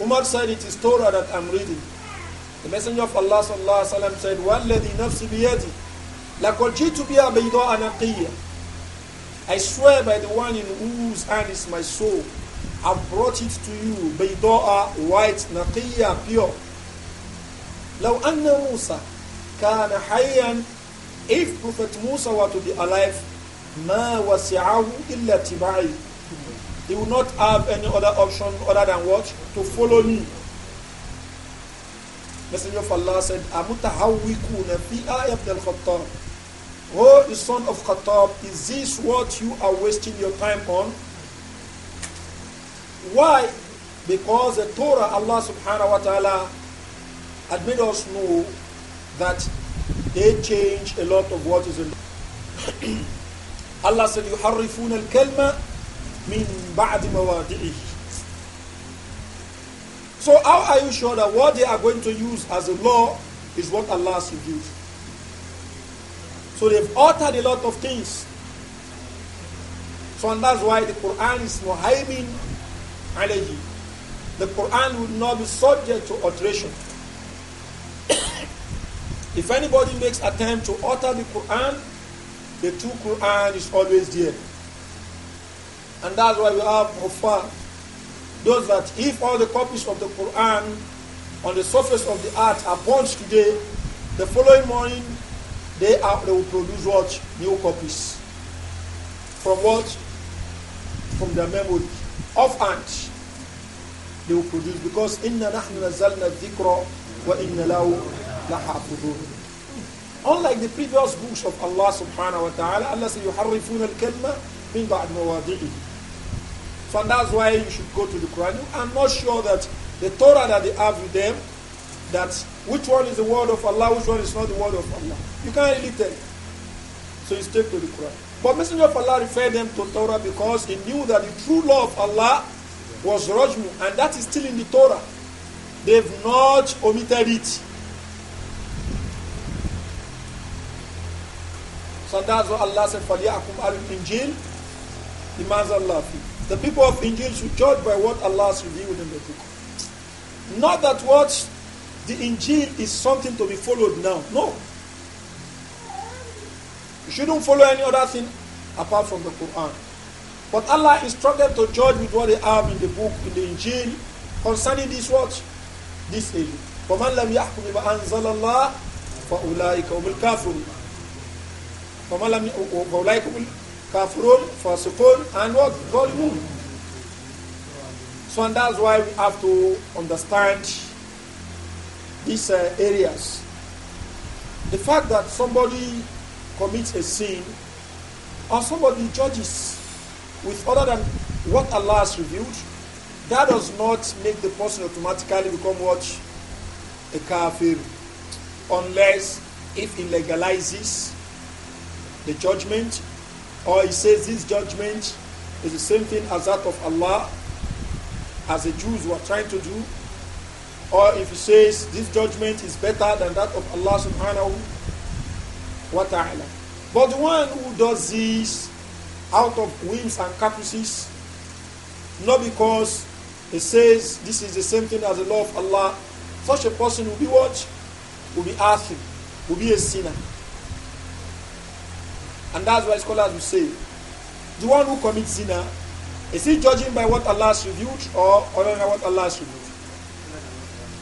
Umar said, It is Torah that I'm reading. The Messenger of Allah sallallahu alayhi wa said, وَالَّذِي نَفْسِ بِيَدِي لَقَدْ جِئْتُ bi بَيْضَاءَ I swear by the one in whose hand is my soul, I've brought it to you, بَيْضَاءَ white, نَقِيَّة, pure. لَوْ أَنَّ مُوسَى كَانَ حَيًّا If Prophet Musa were to be alive, مَا وَسِعَهُ إِلَّا تِبَعِي he will not have any other option other than what? To follow me. Messenger of Allah said, Amutahawikuna al Oh, the son of Khattab, is this what you are wasting your time on? Why? Because the Torah, Allah subhanahu wa ta'ala, had made us know that they change a lot of what is in Allah said, al kalma." So how are you sure that what they are going to use as a law is what Allah has revealed? So they've altered a lot of things. So and that's why the Quran is muhaimin alayhi. The Quran will not be subject to alteration. if anybody makes attempt to alter the Quran, the true Quran is always there. And that's why we have Kuffar. Those that if all the copies of the Quran on the surface of the earth are punched today, the following morning they, are, they will produce what? New copies. From what? From their memory. Offhand, they will produce because inna nahnu nazalna dhikra wa inna lahu lahafidhun. Unlike the previous books of Allah subhanahu wa ta'ala, Allah says, يُحَرِّفُونَ الْكَلْمَ مِنْ بَعْدْ مَوَاضِعِهِ so that's why you should go to the Quran. I'm not sure that the Torah that they have with them, that which one is the word of Allah, which one is not the word of Allah. You can't really tell. So you stick to the Quran. But Messenger of Allah referred them to Torah because he knew that the true law of Allah was Rajmu, and that is still in the Torah. They've not omitted it. So that's what Allah said, فَلْيَعْكُمْ أَلُ الْإِنْجِيلِ لِمَاذَا اللَّهِ Allah." The people of Injil should judge by what Allah has revealed in the book. Not that what the Injil is something to be followed now. No. You shouldn't follow any other thing apart from the Quran. But Allah instructed to judge with what they have in the book, in the Injil, concerning this what? This age. فَمَنْ لَمْ يَحْكُمِ بَأَنْزَلَ اللَّهِ فَأُولَٰئِكَ هُمُ الْكَافِرُونَ فَمَنْ لَمْ فَأُولَٰئِكَ kafirun, support and what? Zalimun. So and that's why we have to understand these uh, areas. The fact that somebody commits a sin or somebody judges with other than what Allah has revealed, that does not make the person automatically become what? A kafir. Unless if he legalizes the judgment or he says this judgment is the same thing as that of Allah, as the Jews were trying to do, or if he says this judgment is better than that of Allah subhanahu wa ta'ala. But the one who does this out of whims and caprices, not because he says this is the same thing as the law of Allah, such a person will be what? Will be asking, will be a sinner. And that's why scholars will say the one who commits zina, is he judging by what Allah has revealed or honoring what Allah has revealed?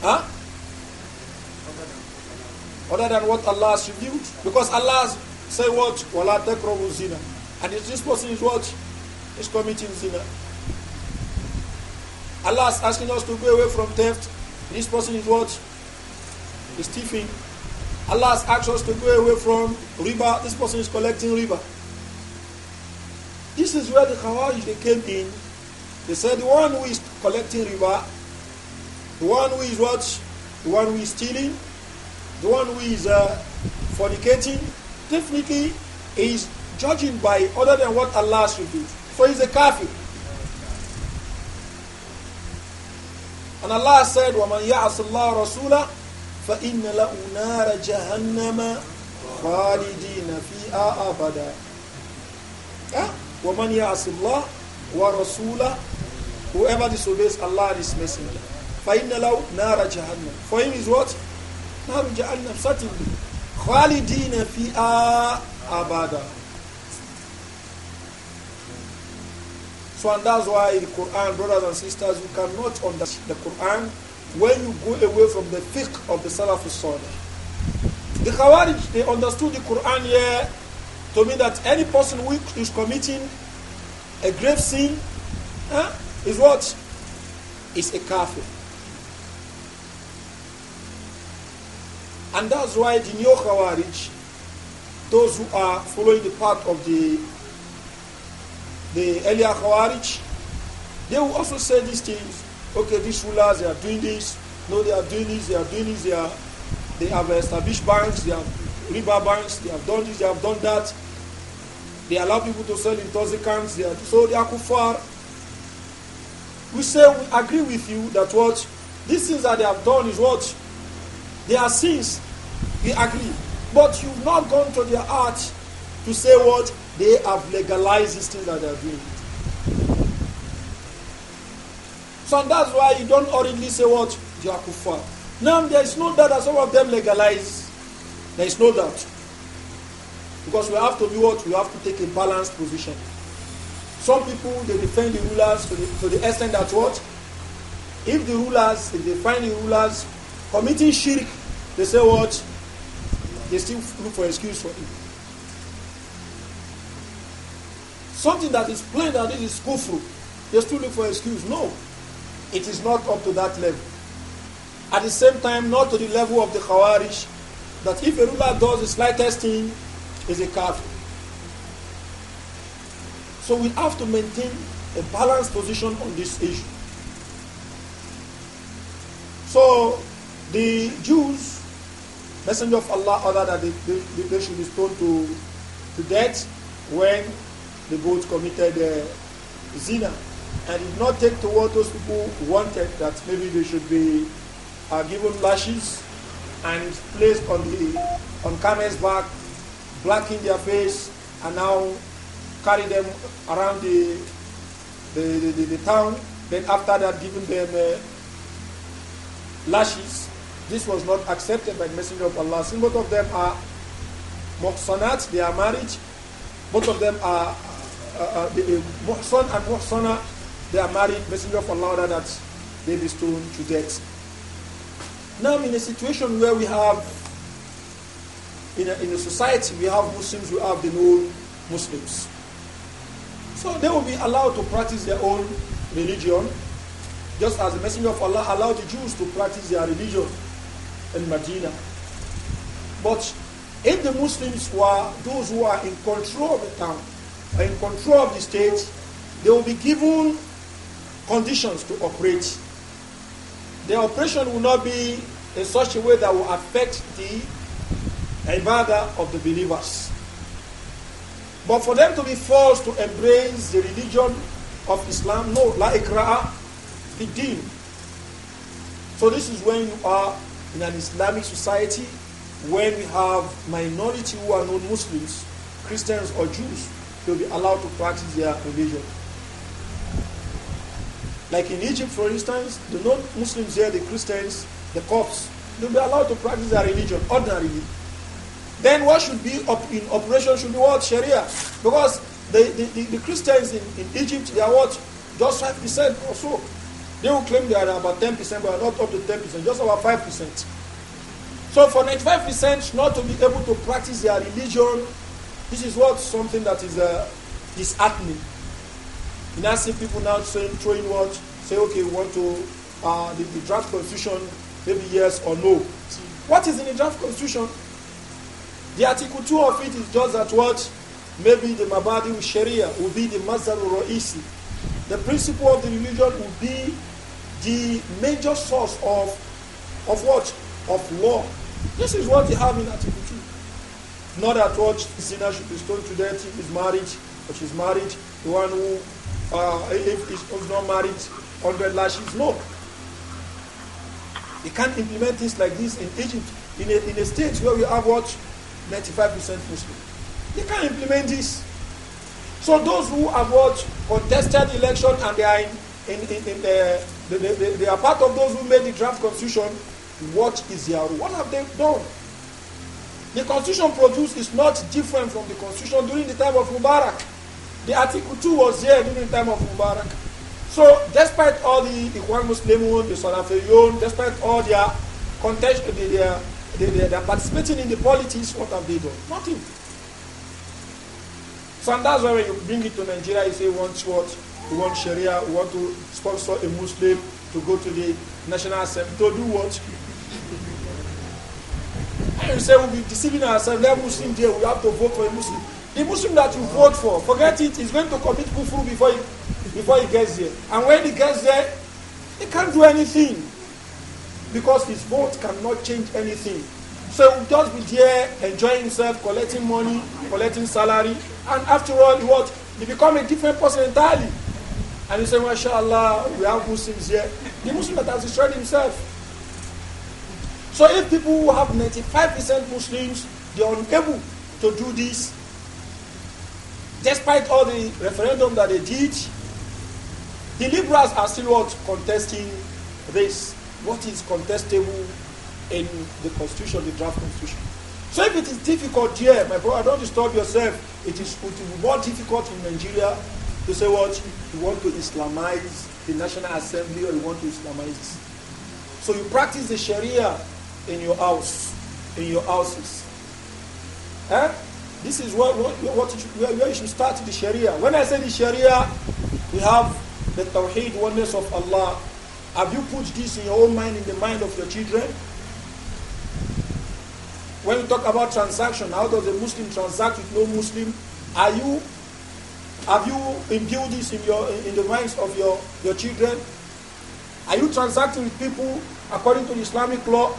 Huh? Other than what Allah has revealed? Because Allah said what? Wala takrabu zina. And this person is what? Is committing zina. Allah is asking us to go away from theft. This person is what? Is thieving. Allah has asked us to go away from riba. This person is collecting riba. This is where the Khawarij they came in. They said the one who is collecting riba, the one who is what, the one who is stealing, the one who is uh, fornicating, definitely is judging by other than what Allah has revealed. For he's a kafir. And Allah said, وَمَنْ يَعْصِ اللَّهَ رَسُولَهُ فإن له نار جهنم خالدين فيها أبدا ومن يعص الله ورسوله whoever disobeys Allah and his messenger فإن له نار جهنم for him is what نار جهنم certainly خالدين فيها أبدا So and that's why the Quran, brothers and sisters, you cannot understand the Quran when you go away from the fiqh of the Salafi Salih. The Khawarij, they understood the Quran here to mean that any person who is committing a grave sin huh, is what? Is a kafir. And that's why the new Khawarij, those who are following the path of the the earlier Khawarij, they will also say these things okay, these rulers, they are doing this. No, they are doing this, they are doing this, they are, they have established banks, they have river banks, they have done this, they have done that. They allow people to sell intoxicants, they are, so they are kufar. We say, we agree with you that what, these things that they have done is what? They are sins. We agree. But you've not gone to their heart to say what? They have legalized these things that they are doing. that's why you don't hurriedly say what? They are kuffar. Now, there is no doubt that some of them legalize. There is no doubt. Because we have to do what? We have to take a balanced position. Some people, they defend the rulers to the, to the extent that what? If the rulers, if they find the rulers committing shirk, they say what? They still look for excuse for it. Something that is plain that this is kufru, they still look for excuse. No. It is not up to that level. At the same time, not to the level of the Khawarij, that if a ruler does the slightest thing, is a kafir. So we have to maintain a balanced position on this issue. So the Jews, messenger of Allah, ordered that they, they, they should be stoned to, to death when they both committed uh, zina. And did not take to what those people wanted that maybe they should be uh, given lashes and placed on the on camel's back, blacking their face, and now carry them around the the, the, the, the town. Then after that, giving them uh, lashes. This was not accepted by the Messenger of Allah. Since both of them are muhsanat, they are married. Both of them are uh, uh, uh the, uh, muhsan and muhsana they are married, messenger of Allah ordered that they be stoned to death. Now I'm in a situation where we have, in a, in a society, we have Muslims, we have the known muslims So they will be allowed to practice their own religion, just as the messenger of Allah allowed the Jews to practice their religion in Medina. But if the Muslims were those who are in control of the town, are in control of the state, they will be given conditions to operate. The operation will not be in such a way that will affect the ibadah of the believers. But for them to be forced to embrace the religion of Islam, no, la ikra'a, the deen. So this is when you are in an Islamic society, when we have minority who are non-Muslims, Christians or Jews, they'll be allowed to practice their religion. Like in Egypt, for instance, the non-Muslims here, the Christians, the Copts, they'll be allowed to practice their religion ordinarily. Then what should be up in operation should be what? Sharia. Because the, the, the, the Christians in, in Egypt, they are what? Just 5% or so. They will claim they are about 10%, but are not up to 10%, just about 5%. So for 95% not to be able to practice their religion, this is what something that is uh, disheartening. You now see people now saying, throwing what? Say, okay, we want to, uh, the, the draft constitution, maybe yes or no. What is in the draft constitution? The Article 2 of it is just that what? Maybe the Mabadi Sharia will be the Mazal Ra'isi. The principle of the religion will be the major source of, of what? Of law. This is what they have in Article 2. Not that what sinner should be stoned to death if he's married, but she's married. The one who uh, if he's not married, 100 lashes. No. You can't implement this like this in Egypt, in a, in a state where we have what? 95% Muslim. You can't implement this. So those who have what? Contested election and they are in, in, in, in uh, the, they, they are part of those who made the draft constitution, what is their role? What have they done? The constitution produced is not different from the constitution during the time of Mubarak. The article 2 was there during the time of Mubarak. So, despite all the Ikhwan Muslimun, the Salafiyun, despite all their contest, they are they are participating in the politics, what have they done? Nothing. So, and that's why when you bring it to Nigeria, you say, want what? We want Sharia, we want to sponsor a Muslim to go to the National Assembly to do what? And you say, we'll be deceiving ourselves. Let Muslim there, we have to vote for a Muslim. The Muslim that you vote for, forget it, he's going to commit kufru before he, before he gets there. And when he gets there, he can't do anything because his vote cannot change anything. So he will just be there enjoying himself, collecting money, collecting salary, and after all, what? He become a different person entirely. And you say, MashaAllah, we have Muslims here. The Muslim that has destroyed himself. So if people who have 95% Muslims, they are unable to do this, despite all the referendum that they did, the liberals are still not contesting this. What is contestable in the constitution, the draft constitution. So if it is difficult here, my brother, don't disturb yourself. It is it will be more difficult in Nigeria to say what you want to Islamize the National Assembly or you want to Islamize. So you practice the Sharia in your house, in your houses. Eh? This is what, what, what you should, where, you should start the Sharia. When I say the Sharia, we have the Tawheed, oneness of Allah. Have you put this in your own mind, in the mind of your children? When you talk about transaction, how does a Muslim transact with no Muslim? Are you, have you imbued this in, your, in the minds of your, your children? Are you transacting with people according to Islamic law?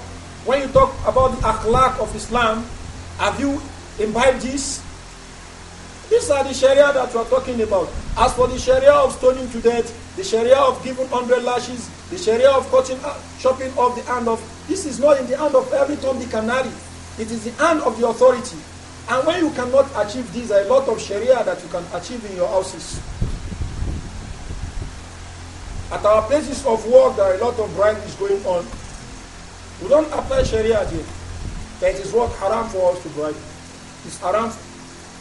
When you talk about the akhlaq of Islam, have you imbibe this. These are the Sharia that we are talking about. As for the Sharia of stoning to death, the Sharia of giving 100 lashes, the Sharia of cutting, uh, chopping off the hand of, this is not in the hand of every Tom, Dick, and Harry. It is the hand of the authority. And when you cannot achieve this, a lot of Sharia that you can achieve in your houses. At our places of work, there are a lot of bribes going on. We don't apply Sharia here. It is what haram for us to bribe it's haram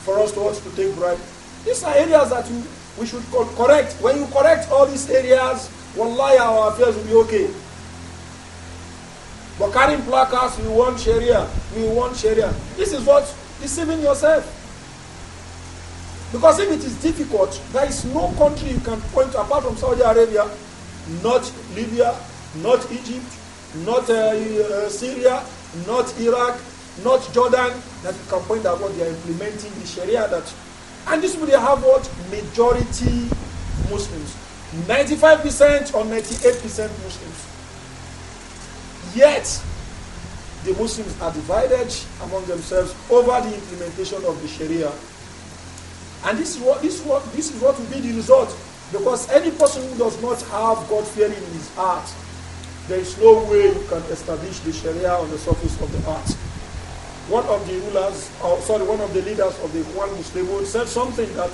for us to us to take bribe. These are areas that you, we should correct. When you correct all these areas, wallahi, our affairs will be okay. But carrying placards, we want Sharia, we want Sharia. This is what deceiving yourself. Because if it is difficult, there is no country you can point to apart from Saudi Arabia, not Libya, not Egypt, not uh, uh, Syria, not Iraq, not Jordan, that you can point out what they are implementing, the Sharia that. And this people, they have what? Majority Muslims. 95% or 98% Muslims. Yet, the Muslims are divided among themselves over the implementation of the Sharia. And this is what this is what this is what will be the result. Because any person who does not have God fearing in his heart, there is no way you can establish the Sharia on the surface of the earth one of the rulers, or sorry, one of the leaders of the Ikhwan Muslimun said something that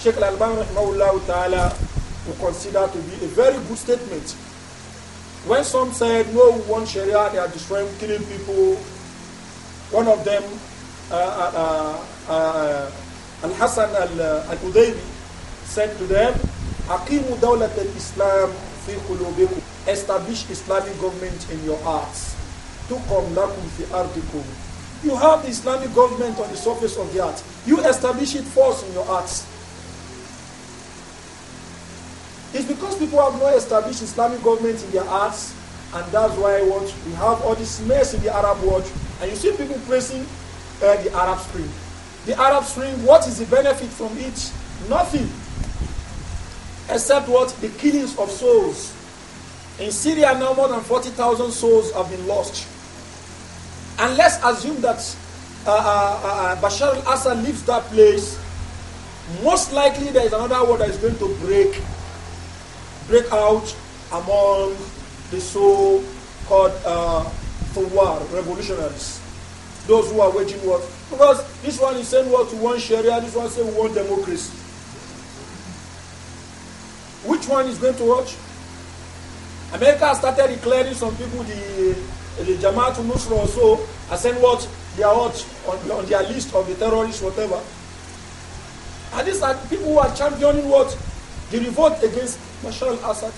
Sheikh Al-Alban ta'ala would consider to be a very good statement. When some said, no, we want Sharia, they are destroying, killing people, one of them, uh, uh, uh, uh Al-Hassan Al-Udaybi, uh, said to them, Aqimu dawlat al-Islam fi Establish Islamic government in your hearts. Tukum lakum fi ardikum you have the Islamic government on the surface of the earth. You establish it first in your hearts. It's because people have not established Islamic government in their hearts, and that's why what we have all this mess in the Arab world. And you see people praising uh, the Arab Spring. The Arab Spring, what is the benefit from it? Nothing. Except what? The killings of souls. In Syria, now more than 40,000 souls have been lost and let's assume that uh, uh, uh, uh Bashar al Assad leaves that place. Most likely, there is another war that is going to break, break out among the so called uh, war revolutionaries. Those who are waging war. Because this one is saying war to one Sharia, this one saying we want democracy. Which one is going to watch? America has started declaring some people the the Jamaatul Nusra or so, and send what they are on, on their list of the terrorists, whatever. And these are people who are championing what? The revolt against Bashar al-Assad.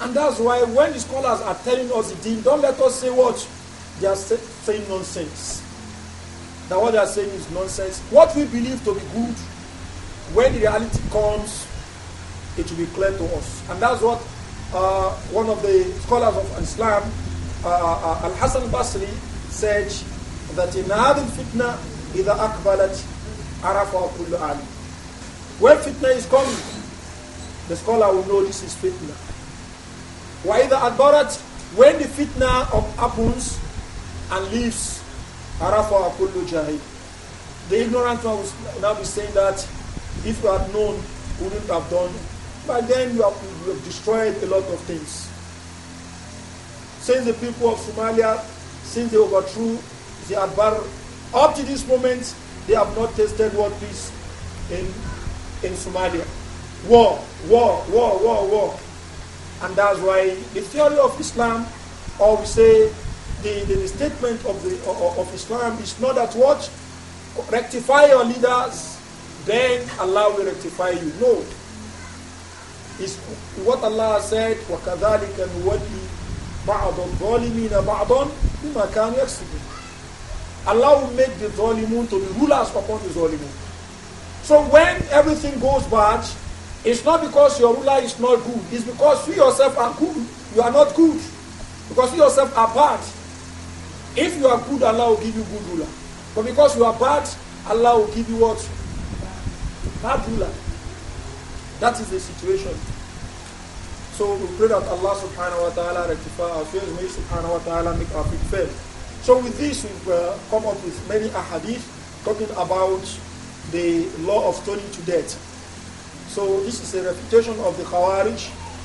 And that's why when the scholars are telling us the deen, don't let us say what? They are say, saying nonsense. That what they are saying is nonsense. What we believe to be good, when the reality comes, it will be clear to us. And that's what uh, one of the scholars of Islam uh, Al Hassan Basri said that in Hadil Fitna, إذا أقبلت عرفها كل عالم. When fitna is coming, the scholar will know this is fitna. وإذا adbarat, when the fitna of happens and leaves, عرفها كل جاهل. The ignorant one will now be saying that if you had known, wouldn't have done. By then you have, you have destroyed a lot of things since the people of Somalia, since they overthrew the Adbar, up to this moment, they have not tasted what peace in, in Somalia. War, war, war, war, war. And that's why the theory of Islam, or we say the, the, the statement of, the, of, of Islam, is not that what? Rectify your leaders, then Allah will rectify you. No. It's what Allah said, وَكَذَلِكَ نُوَلِّي بَعْضَ الظَّالِمِينَ بَعْضًا بِمَا كَانُوا يَكْسِبُونَ Allah will make the Zalimun to be rulers upon the Zalimun. So when everything goes bad, it's not because your ruler is not good. It's because you yourself are good. You are not good. Because you yourself are bad. If you are good, Allah will give you good ruler. But because you are bad, Allah will give you what? Bad ruler. That is the situation. So we pray that Allah subhanahu wa ta'ala rectify our fears, may subhanahu wa ta'ala make our feet So with this, we've uh, come up with many ahadith talking about the law of stoning to death. So this is a refutation of the Khawarij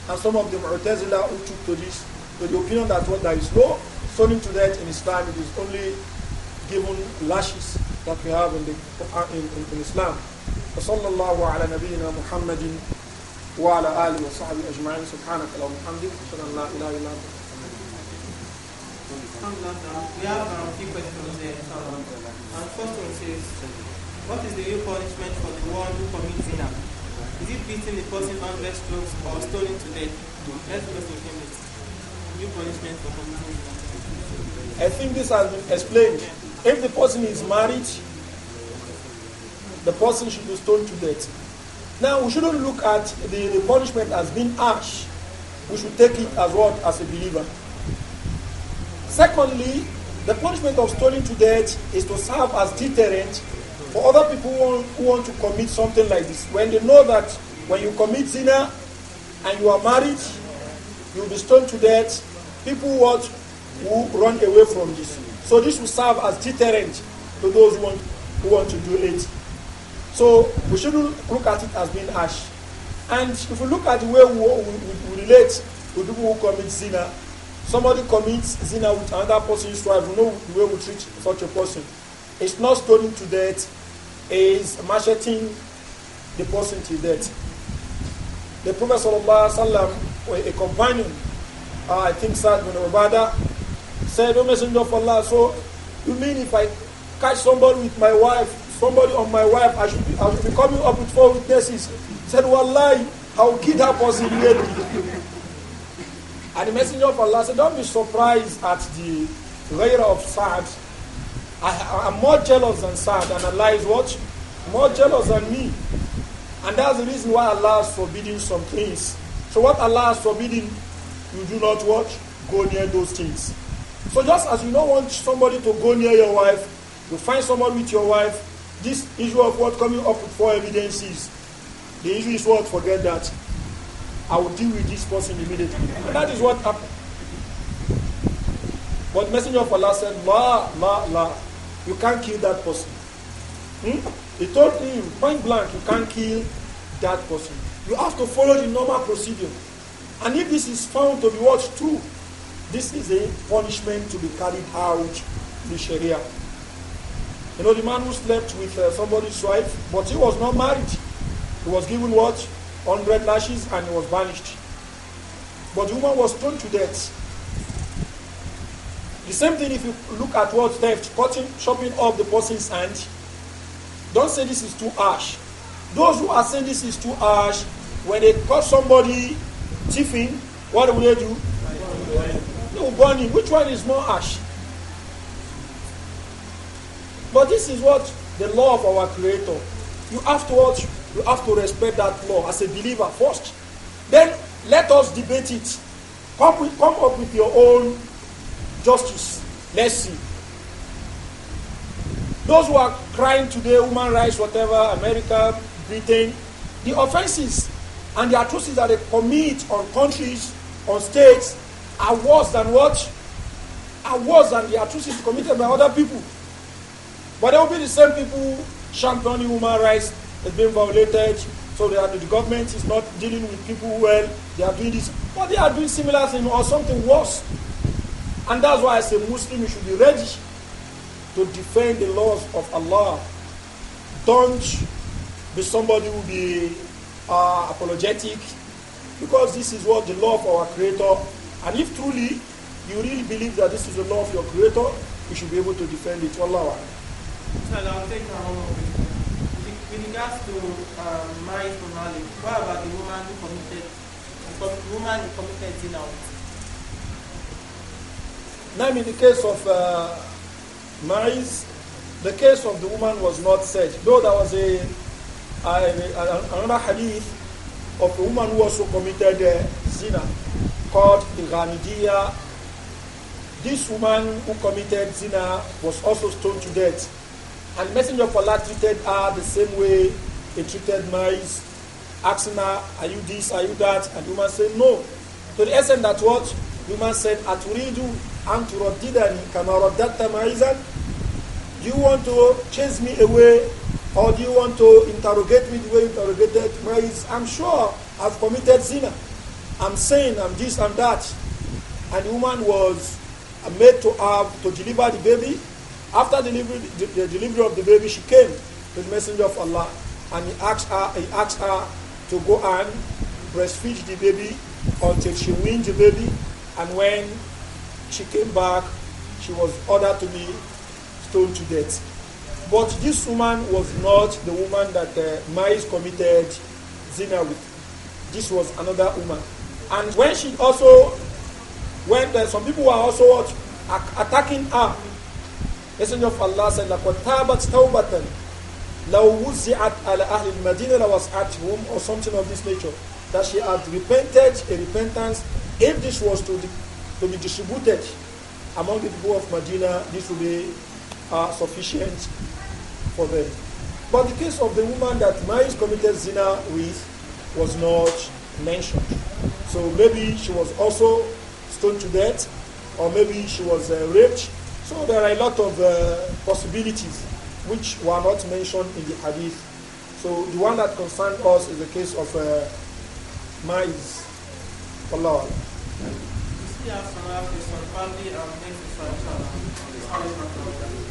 and some of the Mu'tazila who took to this, to the opinion that what there is no stoning to death in Islam, it is only given lashes that we have in, the, in, in, in Islam. وصلى الله على نبينا محمد وعلى آله وصحبه أجمعين سبحانك اللهم وبحمدك أشهد أن لا إله إلا أنت We have a few questions there. And first one says, what is the real punishment for the one who commits zina? Is it beating the person hundred strokes or stoning to death? Let's go to him. Real punishment for committing zina. I think this has been explained. If the person is married, the person should be stoned to death. Now, we shouldn't look at the, the punishment as being harsh. We should take it as what? As a believer. Secondly, the punishment of stoning to death is to serve as deterrent for other people who want, who want to commit something like this. When they know that when you commit zina and you are married, you'll be stoned to death, people what, who run away from this. So this will serve as deterrent to those who want, who want to do it. So we shouldn't look at it as being harsh. And if we look at the way we, we, we relate to people who commit zina, somebody commits zina with another person's wife, we know the way we treat such a person. It's not stoning to death, it's macheting the person to death. The Prophet وسلم, a companion, uh, I think Sad bin Ubada, said, O Messenger of Allah, so you mean if I catch somebody with my wife, somebody on my wife, I should be, I should be coming up with four witnesses. He said, Wallahi, I'll kill her here. and the messenger of Allah said, Don't be surprised at the layer of Sa'd. I, am more jealous than Sa'd, and Allah is what? More jealous than me. And that's the reason why Allah is forbidding some things. So what Allah is forbidding, you do not watch, go near those things. So just as you don't want somebody to go near your wife, you find someone with your wife, this issue of what coming up with four evidences, the issue is what? Forget that. I will deal with this person immediately. And that is what happened. But Messenger of Allah said, La, la, la, you can't kill that person. Hmm? He told him, point blank, you can't kill that person. You have to follow the normal procedure. And if this is found to be what's true, this is a punishment to be carried out in Sharia. You know, the man who slept with uh, somebody's wife, but he was not married. He was given what? 100 lashes and he was banished. But the woman was stoned to death. The same thing if you look at what theft, cutting, chopping off the person's hand. Don't say this is too harsh. Those who are saying this is too harsh, when they cut somebody thiefing, what will they do? They will burn him. Which one is more harsh? But this is what the law of our Creator. You have to watch, you have to respect that law as a believer first. Then let us debate it. Come, with, come up with your own justice. Let's see. Those who are crying today, human rights, whatever, America, Britain, the offenses and the atrocities that they commit on countries, on states, are worse than what? Are worse than the atrocities committed by other people. But there will be the same people championing human rights is being violated. So are, the government is not dealing with people well. They are doing this. But they are doing similar thing or something worse. And that's why I say, Muslim you should be ready to defend the laws of Allah. Don't be somebody who be uh, apologetic because this is what the law of our Creator. And if truly you really believe that this is the law of your Creator, you should be able to defend it. Allah. So I'll take her own With regards to um, marriage normally, what about the woman who committed, the woman who committed zina? Now, in the case of uh, marriage, the case of the woman was not said. Though there was a, a another hadith of a woman who also committed uh, zina called the This woman who committed zina was also stoned to death and Messenger of Allah treated her the same way he treated mice, asking her, Are you this? Are you that? And woman said, No. To the essence that what? Woman said, Aturidu anturaddidani kamaraddatta ma'izan. Do you want to chase me away? Or do you want to interrogate me the way you interrogated mice? I'm sure I've committed sin. I'm saying I'm this, I'm that. And the woman was made to have to deliver the baby after delivery, the, the delivery of the baby, she came to the messenger of Allah and he asked her, he asked her to go and breastfeed the baby until she weaned the baby. And when she came back, she was ordered to be stoned to death. But this woman was not the woman that uh, Maïs committed zina with. This was another woman. And when she also, when uh, some people were also attacking her Messenger of Allah said, لَقَدْ تَابَتْ تَوْبَةً لَوْ وُزِعَتْ عَلَى أَهْلِ الْمَدِينَةِ لَوَسْعَتْهُمْ or something of this nature. That she had repented a repentance. If this was to, to be distributed among the people of Medina, this would be uh, sufficient for them. But the case of the woman that Mary committed zina with was not mentioned. So maybe she was also stoned to death, or maybe she was uh, raped, so there are a lot of uh, possibilities which were not mentioned in the hadith. So the one that concerned us is the case of uh, mice. Allah. Allah.